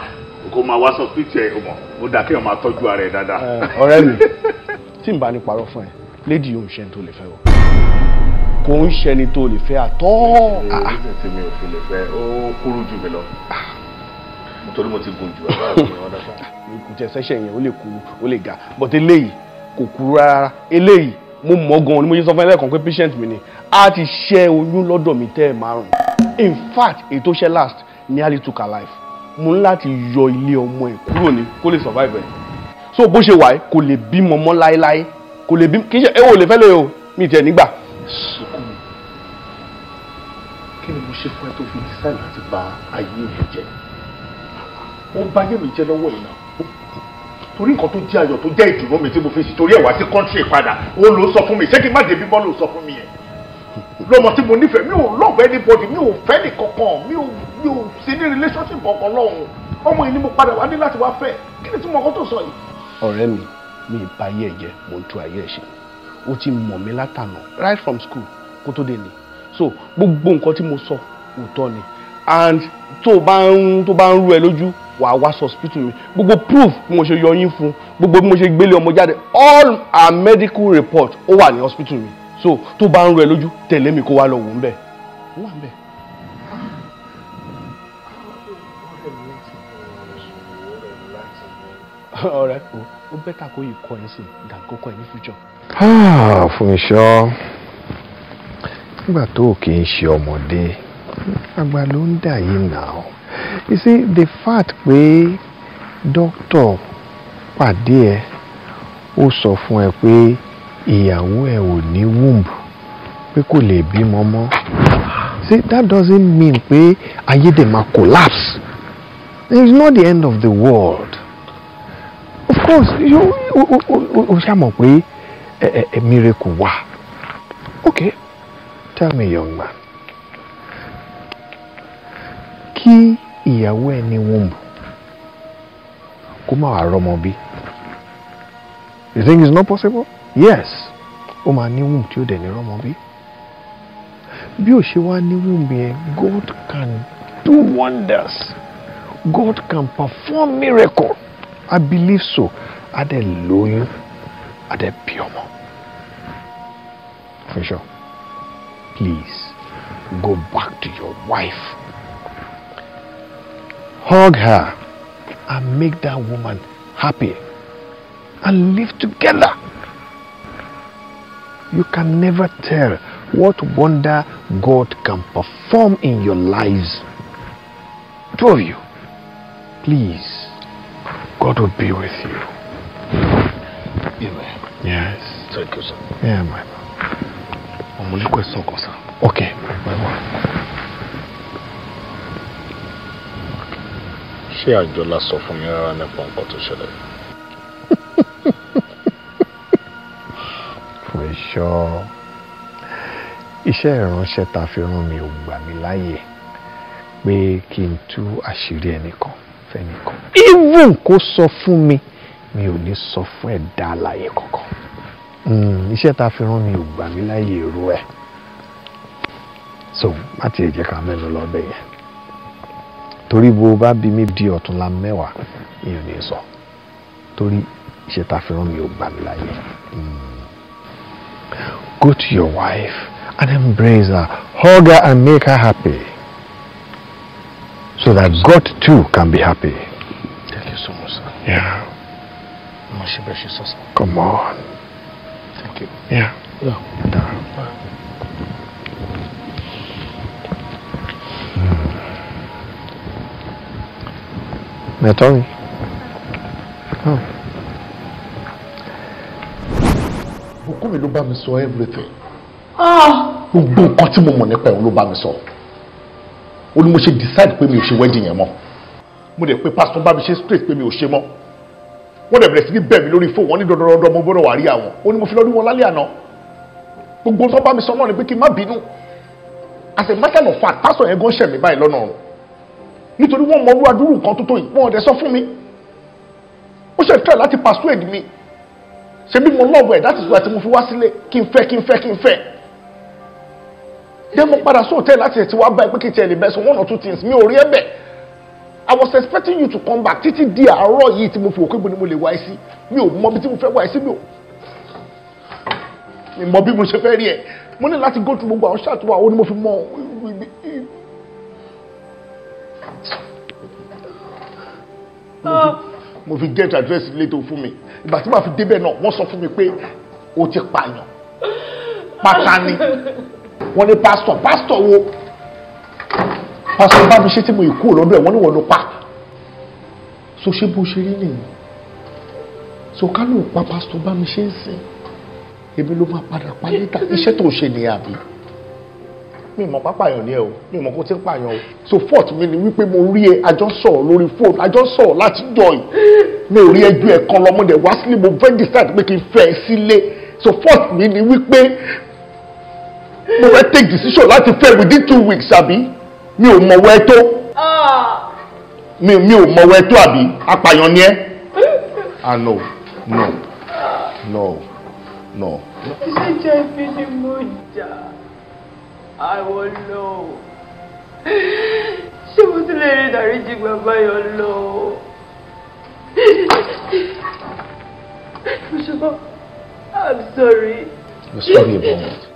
kó máa wá sọ́sìpìtì ẹ̀ ó mọ̀ ó dà kéèyàn máa tọ́jú ara ẹ̀ dáadáa. ọ̀rẹ́ mi tí n bá ní parọ́ fún ẹ lady yóò ń ṣe tó lè fẹ́ o kò ń ṣẹni tó lè fẹ́ àtọ́. ẹgbẹ́ tí mi ò fi lè fẹ́ ó kúrú jù mí lọ nítorí mo ti gùn jù àbá àti ìwọ́n dáfà. yẹn ó lè kúrú ó lè ga but eléyìí kò kúrú rárá eléyìí mo mọ̀ gan-an ni mo yẹ sọ fún ẹlẹ́kan pé patient mi ni a ti ṣẹ́ oyún lọ́dọ̀ mi tẹ́ ẹ̀ márùn-ún in fact èyí tó ṣẹ́ last nearly took her life mo ní láti yọ ilé ọmọ ẹ̀ kúrò ní kó lè survive ẹ̀ so bó ṣe wà kò lè bímọ mọ́ láéláé kò lè bímọ kì í ṣe ẹ wò lè fẹ́ lè o mi tiẹ̀ nígbà sunkún kí ni mo ṣe fún ẹ tó fi dísáì láti bà ayé mi jẹ́ ó bà ayé mi jẹ́ lọ́wọ́ ìná torí nǹkan tó jẹ́ ayọ̀ tó jẹ́ ìdùnnú mi tí mo fi torí ẹ̀ sí kọ́ńtì padà ó ló sọ fún mi ṣé kí n má débi bọ́ ló sọ fún mi yẹn lọmọ tí mo nífẹ̀ẹ́ mi ò love anybody mi ò fẹ́ nìkankan mi ò mi ò sí ní relationship kankan lọ́hùn ọmọ yìí ni mo padà wá ní láti wá fẹ́ kí ni tí mo kọ́ tó sọ yìí. ọ̀rẹ́ mi mi ì bà ayé ẹ̀ jẹ́ mo ń tú ayé ẹ̀ ṣe ó ti mọ̀ mí látànà right from school kó tó délé so gbogbo nǹkan tí mo sọ òótọ́ ni and tó bá ń tó bá ń rú ẹ lójú wàá wá sọ̀spítù mi gbogbo proof bí mo ṣe yọ yín fún gbogbo bí mo ṣe gbélé ọmọ jáde all our medical report ó wà ní hospital mi so tó bá ń rú ẹ lójú tẹ̀lé mi kó wá lọ wò ń bẹ̀ ó wà ń bẹ̀. ọ̀rẹ́ o ó bẹ́tà kó yìí kọ́ ẹ sí dàn kó kọ́ ẹ ní future. Fúnṣọ́ nígbà tó kì í ṣe ọmọdé àgbà ló ń dà yìí náà you see the fact pé doctor, pàdé ẹ ó sọ fún ẹ pé ìyàwó ẹ ò ní womb pé kò lè bímọ mọ́ see that doesn't mean pé ayé dẹ̀ máa collapse it's not the end of the world of course o ṣàmọ̀ pé a, a, miracle wa okay tell me young man kí ìyàwó ẹ ní womb kó má wàá rọmọ bí you think it's not possible yes ó máa ní womb tí ó dẹ̀ ní rọmọ bí bí ó ṣe wá ní womb yẹn God can do wonders God can perform miracle I believe so adé lóyún. adẹ for sure please go back to your wife hug her and make that woman happy and live together you can never tell what wonder God can perform in your lives two of you please God will be with you. Amen. Yes. Thank you, sir. Yeah, my boy. I'm only question, sir. Okay, my boy. man. Ṣé Àjọlá sọ fún mi rárá and nǹkan tó ṣẹlẹ̀? For sure. Iṣẹ́ ìránṣẹ́ ta fi rán mi ò gbà mí láyè pé kí n tú àṣírí ẹnìkan fẹ́nìkan. Even kó sọ fún mi mi ò ní sọ fún ẹ̀dá alààyè kankan hmm, iṣẹ́ tá fi rán mi ò gbà mí láyè èrò ẹ̀ so má tiẹ̀ jẹ́ ká mẹ́nu lọ yẹn torí bó bá bí mi di ọ̀túnla mẹ́wàá mi ò ní sọ torí iṣẹ́ tá fi rán mi ò gbà mí láyè hmm. go to your wife and embrace her hug her and make her happy so that God too can be happy. Thank you so much, sir. Yeah. Come on, she better she's awesome. Come on. Thank you. Yeah. Yeah. Mm. Now, Tony. Oh. Bùkúnmi ló bá mi sọ everything. Ah! Gbogbo nǹkan tí mo mọ̀ nípa ẹ̀ ló bá mi sọ. Ó ní mo ṣe decide pé mi ò ṣe wedding yẹn mọ́. Mo dẹ̀ pé pásítọ̀ bá mi ṣe straight pé mi ò ṣe mọ́ wọ́n dẹ̀ bẹ̀rẹ̀ sí ní bẹ̀mí lórí fóònù wọn ní dọ̀dọ̀dọ̀ mo gbọ́dọ̀ wà rí àwọn ó ní mo fi lọ rí wọn lálẹ́ àná gbogbo tó bá mi sọ náà ni pé kí n má bínú as a matter of fact pásọ yẹn gan ṣẹ̀mí báyìí lọ́nà ọ̀run nítorí wọ́n mọ olúwa dúró nǹkan tó tó yìí wọ́n ọ̀dẹ̀ sọ fún mi ó ṣe tẹ̀ láti persuade mi ṣe bí mo lọ́ọ̀bù ẹ̀ láti sùgbà tí mo fi wá sílé kí n fẹ́ kí n fẹ́ kí n fẹ́ dẹ́ mo padà sóòtẹ́ láti ẹ̀ ti wá báyìí pé kí n tiẹ̀ lè bẹ̀ sọ one or two things mi ò rí ẹ̀ bẹ́ẹ̀ I was expecting you to come back títí di àárọ̀ yìí tí mo fi òkè gbóni mo lè wá ẹ sí mi ò mọ bí tí mo fẹ́ wá ẹ sí mi ò mi mọ bí mo ṣe fẹ́ rí ẹ mo ní láti go through gbogbo àwọn ṣáàtúwà ó ní mo fi mọ mo fi get address ilé tó fún mi ìgbà tí màá fi débẹ̀ náà wọ́n sọ fún mi pé o ti pààyàn pátá ni wọ́n ní pásítọ̀ pásítọ̀ wo wọ́n sọ bá mi ṣe tí mo yìí kúrò lọ́dọ̀ ẹ̀ wọ́n ní wọ́n ló pa so ṣé bó ṣe rí nìyí so ká ló pa pásítọ̀ bá mi ṣe ń sìn èmi ló máa padà pa níta iṣẹ́ tó ṣe nìyà bí mi mọ̀ pápáyàn ni ẹ o mi mọ̀ kó tí ń pààyàn o so fort mi ni wípé mo rí ẹ àjọ sọ̀rọ̀ lórí fóònù àjọ sọ̀rọ̀ láti jọ yìí mi ò rí ẹjú ẹ kan lọ́mọdé wá sílé mo fẹ́ decide pé kí n fẹ́ ẹ sílé so fort mi ni wípé mo fẹ́ take decision láti fẹ́ within two weeks àbí mi ò mọ̀wẹ́ tó ah. mi ò mọ̀wẹ́ tó àbí apàyàn ni ẹ́ ah no no no no. ìṣèjọ ibi ni mo jà àwọn lọ ṣé mo tún lè rí ìdáríjì bàbá yọ lọ. I'm sorry. You're sorry about what?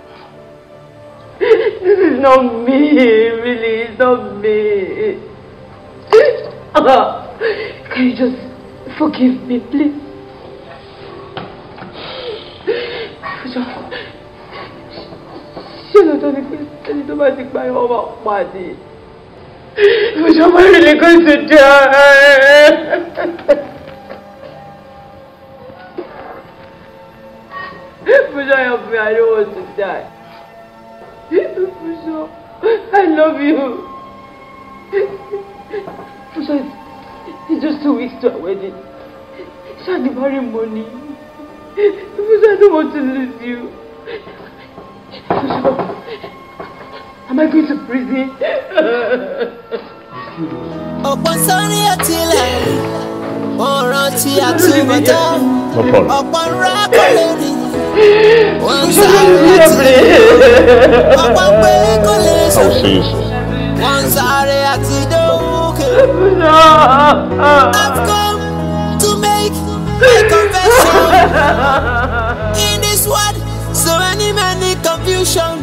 This is not me, really, it's not me. can you just forgive me, please? Fujo, ṣé lọ́jọ́ ni pé ẹni tó bá ti gba ìwọ́n máa pàdé? Fujo, am really going to die? Fujo, help me, I don't want to die. Fusho, I love you. Fusho is, just two weeks to our wedding. Shall give her money. Fusho, I don't want to lose you. Fusho, am I going to prison? Ọ̀pọ̀ sọ́rí àtìlẹ̀ òòrùn ti àtúbọ̀tán ọ̀pọ̀ nra kò lè rìn. Once I pé kò lè sọ̀rọ̀ òkè. I've come to make a confession in this world so many many confusion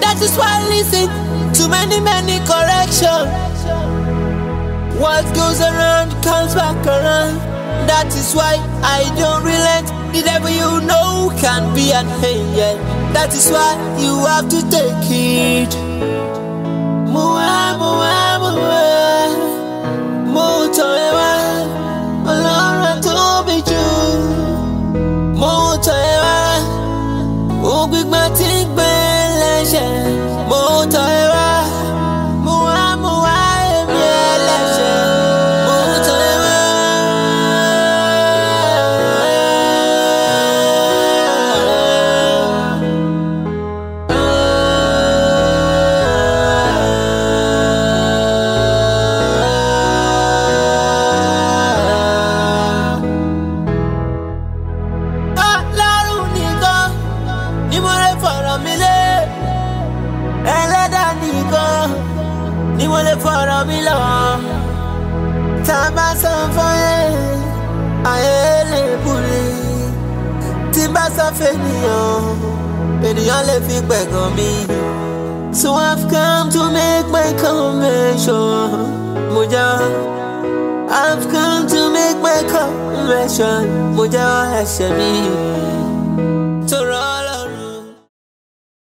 that is why I listen to many many correction what goes around comes back around. That is why I don't relent. The devil you know can be an angel. That is why you have to take it. Mua, mua, mua. Mua, عشان مدعى الشبيب